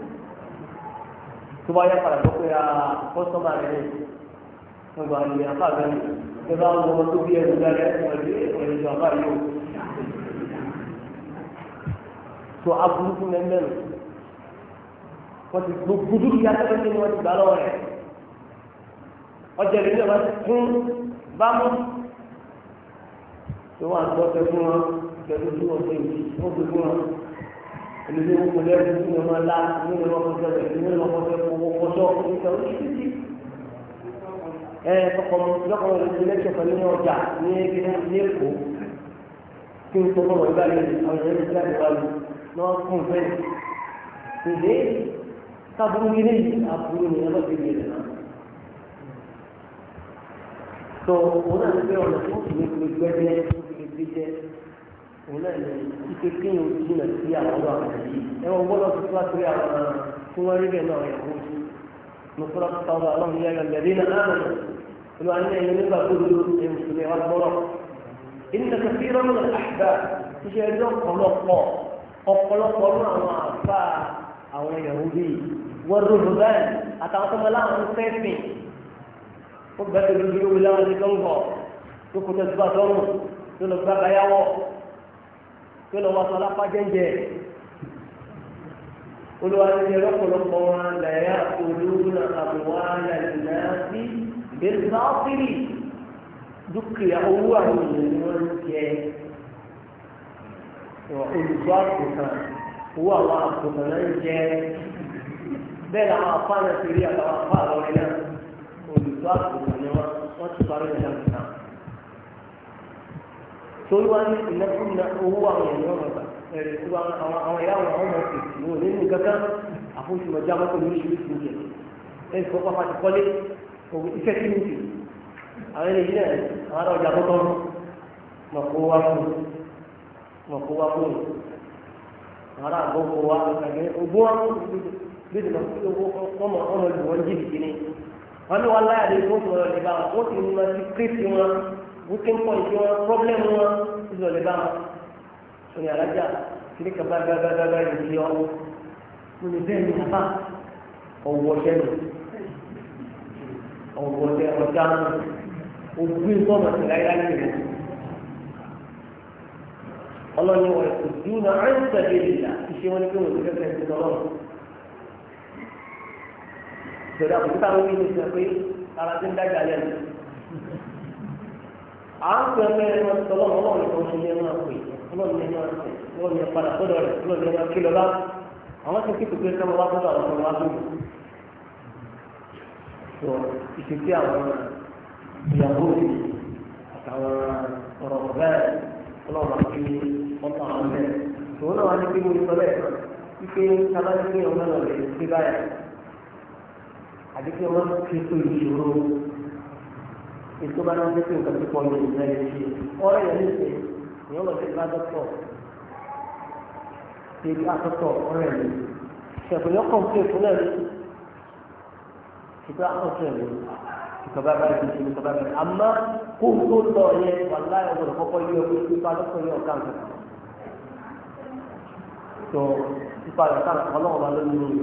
Speaker 1: tó bá yẹ padà ọgbà ní àfáàgbà ní ìjọba àwọn ọmọ tó bí ẹrù gbálẹ̀ ọdún ẹ̀rọ ìjọba yóò. tó aburú fún mẹ́mẹ́rin wọ́n ti gbogbo dúkìá tẹ́lẹ̀ tí wọ́n ti gbà lọ́wọ́ rẹ̀ ọjà ìlú náà wọ́n ti fún bámú tó wà tó ọ̀fẹ́ fún wọn pẹ̀lú tí wọ́n fẹ́ yìí wọ́n fi fún wọn èmi ní wọn kò lẹ́nu tí wọ́n máa la ní wọn lọ́kọ́ sẹ́lẹ̀ ní wọn lọ́kọ́ sẹ́lẹ̀ kọkọmọ lọkọmọ lè fi lẹsẹ pẹ̀lú ní ọjà ní ẹgbẹ́ ní èkó kí n tọkọ wọn gbàlẹ àwọn ẹgbẹ́ ìgbà ìgbà mi náà fún bẹ́ẹ̀ tòde sábúrú yìí lẹ́yìn àbúrú ni ẹgbẹ́ ìgbà yẹn náà tó òun náà ti bẹ ọ̀nà tó ti lè fi gbẹdẹ tó ti lè fi jẹ òun náà ní ike kéèyàn jìnnà sí àwọn àwọn yìí ẹ wọn gbọ́dọ̀ tó tó àtúrẹ àwọn tí wọn rí bẹ́ẹ̀ kó tó nukura tọba ọlọ́run yẹ ẹgbẹ bí náà náà nù ìlú àyìn ẹ̀yìn nígbà gbòdò ẹ̀ mùsùlùmí wa gbọ́rọ̀ ìnìkan kẹfì rọ́mù náà àṣìbá iṣẹ́ ẹjọ́ ọ̀pọ̀lọpọ̀ ọ̀pọ̀lọpọ̀ nù àwọn àfa àwọn Yahudi wọ́n rúdú bẹ́ẹ̀ àtàwọn tó mọ́lá àwọn fẹ́ẹ̀fì ó bẹ́ẹ̀ tó dúdú yóò wílé àwọn ẹ̀dẹ́gbọ́n olùwàlẹ̀ lọ́pọ̀lọpọ̀ wọn lẹ́yà olóògùn àbúwá lẹ́yìnlá sí bẹ́sàáfìrì dúkìá owó àwọn ènìyàn ni wọ́n ń jẹ olùgbọ́ àkùnkàn owó àwọn àkùnkàn náà ń jẹ bẹ́ẹ̀ làwọn afáàlẹ̀ ti rí àtàwọn afáàlọ́ rẹ̀ náà olùgbọ́ àkùnkàn ni wọ́n wọ́n ti parí ẹ̀dá nìkan. torí wá ní ìnákùnà owó àwọn ènìyàn rẹ̀ bàtà ẹ̀rì gbogbo àwọn ìyá àwọn ọmọ ọ̀sẹ̀ ìwọ̀n nínú kankan àfúnṣe mọ̀já mọ́tò ní oṣù tó jẹ ẹ̀ ń fọ́pá ti kọ́lé iṣẹ́ kí ni ti àwọn ẹni yìí náà àwọn ará ọjà tọ́tọ́ mọ̀ kó wá fún mọ̀ kó wá fún àwọn ará àgbọ̀ kó wá kàgẹ́ ogbó wọn bí ti lọ sí ọmọ ọmọ ìlú wọn jìbìtì ni wọn ní wọn láyà lè fún ìwọ̀n ìlú wọn ti ń lọ sí kírísì wọn wíkẹ́ńpọ̀ ìṣe wọn pọ́blẹ́mù wọn ìlú ọ̀lẹ́bàá orí alájà kiri kaba gbàgbàgbà yìí ti ọ mo lè bẹ́ẹ̀ ní apá ọ̀wọ́ sẹ́nu ọ̀wọ́ sẹ́nu ọ̀dá ògùn ìfọ̀mọ̀ sí láyé láyé rẹ̀ ọlọ́ni wọ̀ ẹ̀kọ́ dúnà áńtẹ̀lẹ̀ ìlà iṣẹ́ wọn ni pé wọ́n ti fẹ́ fẹ́ lọ́wọ́ ìṣẹ̀dá kò síta wọ́n yìí ṣe pé ara ti ń dájà lẹ́nu à ń pẹ́ mẹ́rin wọn ti sọ lọ́wọ́ ọlọ́run kan ṣe yẹn máa pè é ọlọ́run yẹn máa tẹ̀ ọlọ́run yẹn padà sọ́dọ̀ rẹ̀ ọlọ́run yẹn máa kí lọ́lá àwọn tó kí pípé sọ́mọ wá sọ́dọ̀ àwọn ọmọ wá sọ́dọ̀ tó ìṣèké àwọn ìyàwó mi àtàwọn ọ̀rọ̀ bẹ́ẹ̀ ọlọ́run máa fi ọ̀tọ̀ àwọn bẹ́ẹ̀ tòun náà wá ní kí mo sọ bẹ́ẹ̀ wípé sábàdìgbé ọmọ náà lè ṣe báyà àdìgbé ọmọ kí tó ìṣòro ètò bá náà ń ìyẹn lọ sí ìgbà dọ́tọ̀ ṣe ìgbà dọ́tọ̀ ọ̀rẹ́ mi ṣẹ̀kùn yọ kàn pé fún ẹ̀mí ìgbà dọ́tọ̀ ẹ̀mí ìkọ̀bá báyìí ti ṣe ìkọ̀bá báyìí àmọ́ kó o tó lọ yẹ wàlá ẹ̀wọ̀n kọ́kọ́ yẹ kó ìgbà dọ́tọ̀ yẹ ọ̀kan kan tó ìgbà dọ́tọ̀ ọlọ́wọ́ bá lóyún ní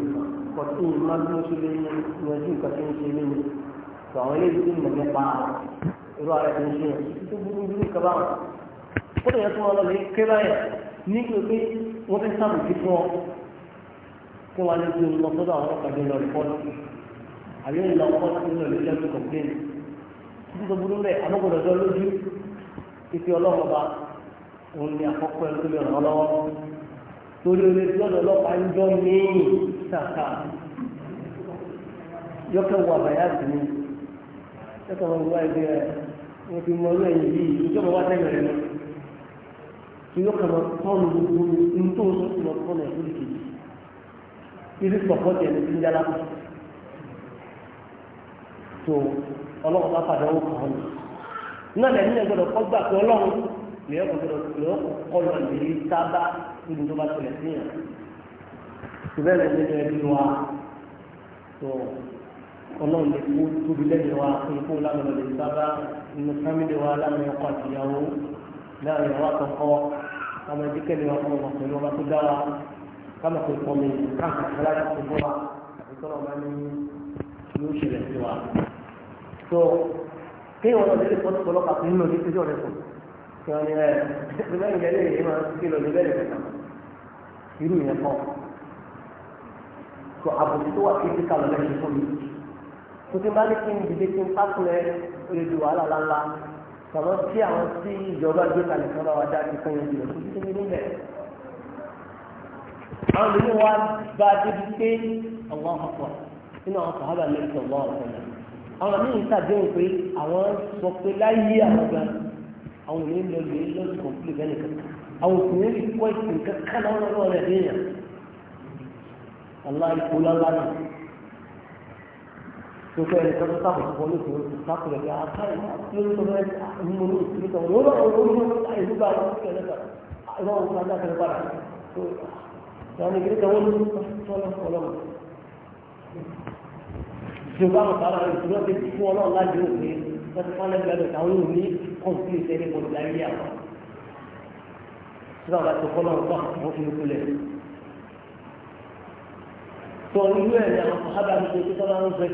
Speaker 1: kọ̀tún máa ń ṣe lé ní ìyẹn ju nǹkan tó ń ṣe lé ní tó àwọn eléyìí tó ń mọ̀ nípa irú ara ẹ̀ tó ń ṣe yẹn tó burú burú kaba kódà yẹn tó wọn lọ lè ké báyẹn ní pé wọ́n fẹ́ sábà sí fún ọ kí wọ́n á lè gbé lọ sọ́dọ̀ àwọn ọ̀kadì lọ rìpọ́tì àbí ìlà ọ̀pọ̀tì lọ lè jẹ́ kọ̀pléìn títí tó burú rẹ̀ àmọ́gbọ̀dọ̀ jọ lójú ìfi ọlọ́mọba òun ni àkọ́kọ́ ẹni tó lè ràn ọ́ lọ́wọ́ torí olè tí ọ̀dọ̀ ọlọ́pàá ń jọ míì sàkà yọkẹ́ wọ àbáyá bìíní yọkẹ́ wọn wọ ẹgbẹ́ rẹ̀ wọ́n ti mọ ọlọ́yìn yìí ìjọba wá sẹ́yìn rẹ̀ lọ yóò kàn máa tọ́nu gbogbo ní tó ń sọ́kùn lọ tọ́nu ẹ̀kú ìkejì irú pọ̀pọ̀ tẹ̀lé ti ń yára kù tó ọlọ́run bá padà ó kàn án náà lẹ́yìn náà gbọ́dọ̀ kọ́gbà pé ọlọ́run lèyọ́ kò gbọ́dọ̀ lèyọ́ kò kọ́lọ̀ lèyí sábà níbi tó bá tẹ̀lẹ̀ sí yàn ṣùgbọ́n ẹ̀rọ nínú ẹbí wa tó ọlọ́run lè kó tóbi lẹ́yìn wa kó kó láàrin àwọn àtọkọ káma jíkẹ́ ni wọn fún ọmọ pẹ̀lú ọba tó dára káma pè pọ̀ mi káàkiri kọ́lá ti fi bọ́ wa àti tọ́lọ̀ máa ní yóò ṣẹlẹ̀ sí wa. tó kéèyàn lọ sílé pọ́tù pọ́lọ́ kàkún nínú ní tíjọ́ rẹ̀ fún kí wọ́n ní ẹ̀ ẹ̀ bẹ́ẹ̀ ìyẹn lè yé máa ń kí lọ ní tó àbòsí tó wà kéde kálọ̀ lẹ́yìn fún mi tó ti bá ní kí n dìde kí n pàkúlẹ̀ olè kàwọn tí àwọn tí ìjọba gbé kalẹ̀ kan bá wa dá ní fún ìjọba tó ti ní níbẹ̀. àwọn ìlú wa bá débi pé àwọn ọkọ̀ nínú àwọn sàhábà lẹ́yìn tó wọ́n ọ̀sẹ̀ náà. àwọn míì ń sàdéhùn pé àwọn sọ pé láyé àwọn gan àwọn ìlú lọ lè lọ́sùn kọ̀ǹpìlì bẹ́ẹ̀ nìkan àwọn òkùnrin lè kọ́ ìsìn kankan lọ́wọ́ lọ́wọ́ rẹ̀ déèyàn. aláìkú lọ́lá náà gbogbo ẹni tó ń sábà fún olóòtú olóòtú sákùlẹ̀ ní àtàrí lórí tó fẹ́ mímú ní ìsinmi kan ló lọ́wọ́ olóòtú ìlú bá wọn kí ẹlẹ́ta ìwọ́n wọn máa dákẹ́ padà tó ìyàwó ìgbésẹ̀ kan wọ́n lórí tọ́lọ́ ọlọ́run. ìjọba àwọn sábà rẹ̀ ìṣúná ti fún ọlọ́run láti òkè láti fún ọlọ́run lẹ́nu àwọn yóò ní kọ̀ǹtì ìṣẹ́ni kò ní ayé àwọn. síbà bá ti fọ́ lọ́run tó àwọn fi kúlẹ̀ tọ́ irú ẹ̀ ní àwọn sábà ń ṣe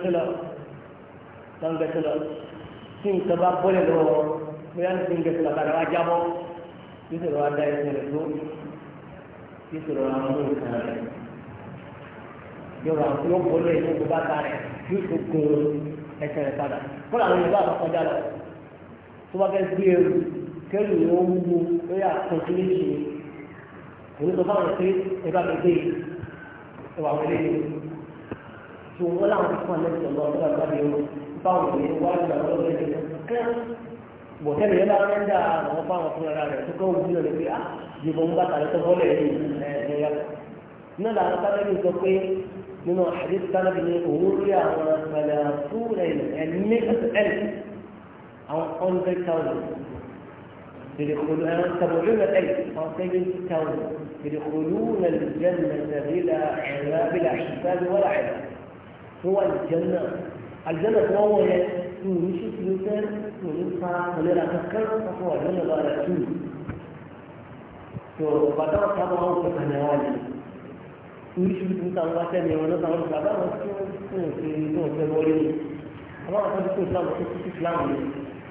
Speaker 1: kí tó ń bẹ tó lọ tí nǹkan bá bọ́lẹ̀ lọ́wọ́ bóyá ní nǹkan tó lọ kàdà wá jábọ́ yóò sọ̀rọ̀ wá da ẹsẹ̀ rẹ̀ tó yóò sọ̀rọ̀ wá mú nǹkan rẹ̀ yóò wá yóò bọ́lẹ̀ yóò tó bá ta rẹ̀ yóò tó gun ẹsẹ̀ rẹ̀ padà fúnra àwọn yorùbá àbá kọjá lọ tó bá fẹ́ gbé ẹrù kẹrù ni ó wúwo lórí àkọsí méjì kò ní sọ fáwọn pé ẹ bá mi gbé ẹwà wọlé ni tí wọn láwọn fún alẹ́ sọ̀rọ̀ ọ̀dọ́ àgbàdo fáwọn ènìyàn wá nígbà tó lọ́wọ́ lẹ́yìn
Speaker 3: kan bọ̀tẹ́lẹ̀
Speaker 1: yẹn bá rẹ̀ ń dà àwọn fáwọn fún ara rẹ̀ tó kọ́ wù lọ lẹ́gbẹ̀ẹ́ ah jìbọn ń bá tàlẹ́ tó bọ́lẹ̀ yìí ẹ̀ẹ́dẹ́yà náà làwọn sábẹ́ni sọ pé nínú àdé sábẹ́ni ní òun rí àwọn pẹ̀lẹ́ fún ẹ̀mí ẹ̀l àwọn hundred thousand يدخلون سبعون ألف أو سبعين كون يدخلون الجنة بلا عذاب بلا حساب ولا عذاب هو الجنة àlùjẹ́nà tí wọ́n wọ̀ yẹ ní òní sí ti ní fẹ́ òní fa ìlera kankan ọkọ̀ àlùjẹ́nà bá rẹ̀ tù. tó bàtà wọn sábà wọn kọ kàn yà wá yìí òní sí ti ní sáwọn wá tẹ̀lé wọn náà sáwọn bàbá wọn tó ń fi tó ń fẹ́ wọlé ni àwọn àwọn tó ń sáwọn tó ti ti fìlà wọn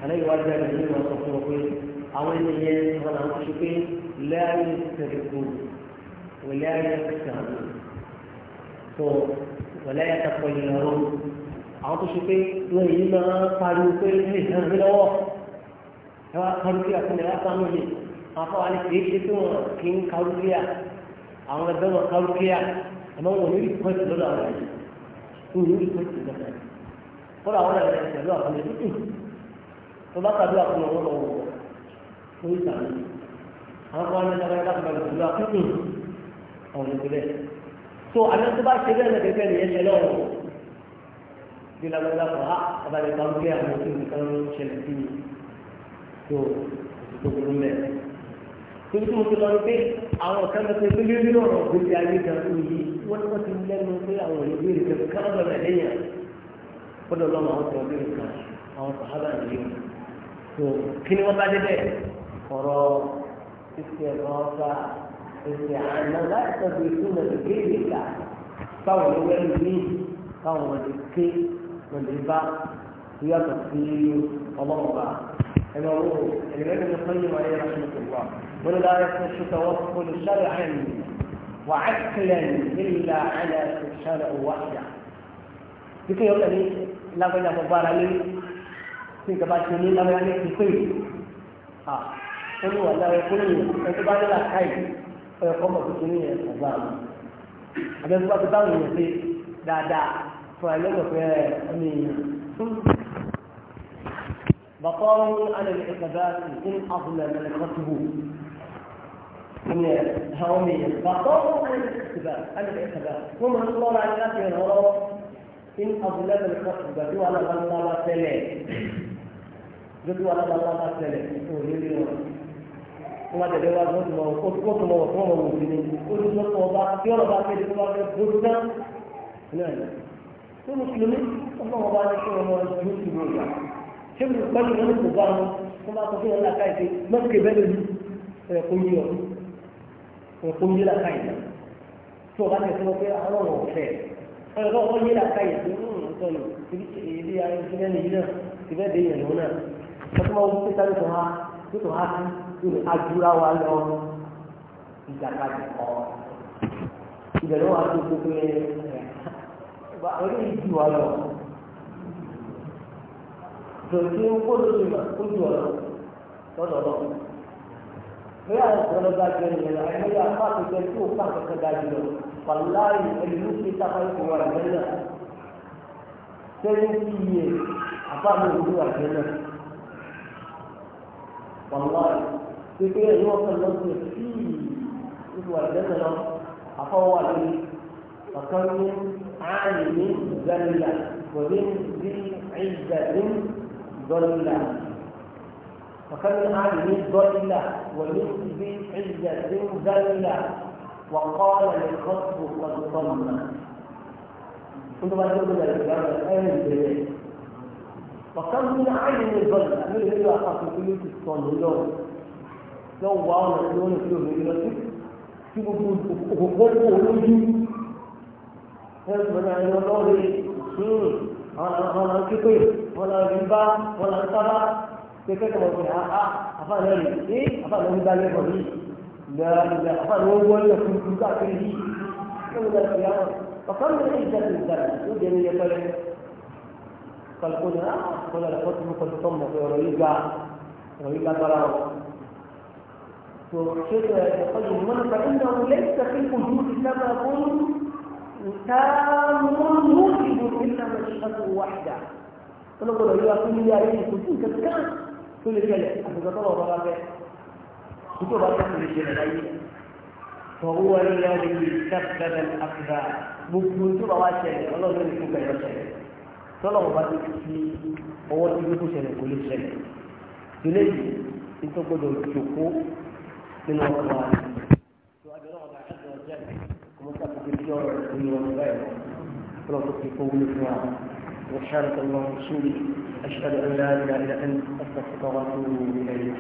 Speaker 1: àlẹ́ àgbẹ̀ nínú ọkọ̀ fún wọn pé àwọn ènìyàn wọn làwọn ti pé lẹ́yìn tẹ̀lifù wọ̀lẹ́yìn tẹ̀lifù wọ̀lẹ́yìn tẹ̀lifù àwọn tó ṣe pé wọn èyí máa pariwo pé ẹ ẹ ẹ lọ́wọ́ ẹ wá kárúkìá fún mi ẹ wá sánú mi àwọn àwọn kìí ṣe pé wọn kì í kárúkìá àwọn ẹgbẹ́ wọn kárúkìá àmọ́ wọn ò ní rìpọ́ìtì lọ́dọ̀ àwọn ẹ̀yìn wọn ò ní rìpọ́ìtì lọ́dọ̀ ẹ̀yìn kọ́lá àwọn ẹ̀rẹ́ pẹ̀lú àwọn ẹ̀yìn tó bá kàdúrà fún wọn lọ́wọ́ fún ìtàn àwọn kan pé lágbàdá kan á abàlẹ̀ kan gbé àwọn tí nǹkan ń ṣẹlẹ̀ sí mi tó tó burú mẹ́. torí tí mo ti lọ pé àwọn kan lọ pé lórí nínú ọ̀rọ̀ gbèsè ayé kan tó yí wọ́n ti wọ́n ti lẹ́nu pé àwọn èèyàn béèrè pé kálábà rẹ̀ lẹ́yìn fọ́dọ̀ lọ́mọ àwọn tó béèrè kan àwọn sàhábà nìyí tó kí ni wọ́n bá dé bẹ́ẹ̀ ọ̀rọ̀ ìṣẹ̀ ọ̀ọ́ta ìṣẹ̀ àná láti sọ lọ́lẹ̀ bá tó yàtọ̀ sí ọlọ́run bá ẹnu ọ̀rọ̀ ẹ̀lẹ́mẹ́rin ní sọ́yìn wáyé rásùlùkù wà wọ́n lọ́la rẹ̀ fún ṣùtọ̀ wọ́n kò lè ṣàrẹ̀ àyàn وعقلا إلا على شرع واحدة ذكر يوم أن لا بد مبارا لي في كبار سنين لا بد أن تقول ها قلوا لا يقولوا أنت بعد لا خير ويقوم بسنين الأزام هذا هو أبدان يصير دا دا fún àlẹ́gbẹ̀ pé ẹni bàtọ́rún alẹ́lẹ́ ìkàdá sí ní àbúlẹ̀ mẹ́lẹ́kọ́tìbù ní àwọn èèyàn bàtọ́rún alẹ́lẹ́ ìkàdá wọ́n máa ń lọ́ra láti ràn ọ́ ní àbúlẹ̀ mẹ́lẹ́kọ́tìbù gbàdú wà lọ́la bá tẹ́lẹ̀ gbàdú wà lọ́la bá tẹ́lẹ̀ òní rí wọn wọ́n máa tẹ̀lé wá gbọ́dọ̀ mọ̀ ọ́ tó mọ̀ wò sí ni ó ti sọ́kọ̀ ọba tí ọ̀rọ̀ bá tẹ̀lé tó bá fẹ́ gbódúná náà ní mùsùlùmí ọlọ́wọ́ bá ní kí wọ́n máa ju ìlú ìyá ṣé mo gbọ́dọ̀ lọ́nà kò bá wọn wọ́n bá sọ fún wọn láka ìdí mọ́tòkè bẹ́ẹ̀ lójú ẹ̀ kó yí ọ ẹ̀ kó yí láka ìdí tí wọ́n bá tẹ̀ sọ pé ọlọ́wọ́ ọ̀fẹ́ ọlọ́wọ́ yí láka ìdí ńlọrọ̀ ìdí ayélujára nìyí náà ìbẹ́ dé yẹn lọ́nà orí ìjì wà lọ tòtí ń kó lórí mà ó jù ọ lọ lọ́dọ̀ lọ bí àwọn ìṣòro bá jẹ ìyẹn lọ ẹni yà fà kẹkẹ tí ó fà kẹkẹ ga jù lọ wàláyé ẹlú ti tàbá ìkó wà lẹ́yìn náà sẹ́yìn tí yẹ àbá mi ò ní wà lẹ́yìn náà wàláyé pépé ẹni wọ́n fẹ́ lọ sí ẹ̀ tí ìwà lẹ́yìn náà àfọwọ́ wà lẹ́yìn ọ̀kan ní. عالم ذلة ومن ذي عزة ضلة فكان عالم ضلة ومن ذي عزة ذلة وقال للخصم قد ضل كنت بقول لك الآن وكم من عالم ضلة من اللي هو أخاف في الصلاة لو واو مليون كيلو في الوقت في وجود وقوة وجود ẹgbẹ̀rún ayọ̀ lọ́ọ̀rẹ́ wọn là ń kíkọ́ wọn là ń rí bá wọn là ń sábà kékeré kọ̀ọ̀ pé àá àfààní rẹ̀ ní àfààní ń dalẹ̀ pọ̀ yìí lẹ́yìn àfààní wọn wọlé kúrúkú káàkiri yìí ẹgbẹ̀rún ayọ̀ lọ́wọ́ ọ̀kan mi ní ìjà ìjà ló dé ní yẹpẹrẹ kalkuna kọlá lọ́kọ́ tó ń kọ́ tó tọ́mọ̀ pé ọ̀rọ̀ yìí ga ọ̀rọ̀ yìí lágbára ọ̀ tó ṣe é ẹ̀kọ́ yìí mọ́nà تام موجب إلا مشيئته وحده فنقول أيها كل يا أيها كنتم كذكر كل كلمة أخذ طلع وضغط كتب أكثر شيء فهو الذي سبب الأقدار ممكن تبقى واشيء والله غير يكون كذا شيء طلع وضغط في هو تجيبه شيء كل شيء تلجي أنت قدر تشوفه من وقت في يوم الدنيا أشهد أن لا إله إلا أنت أستغفرك وأتوب
Speaker 3: إليك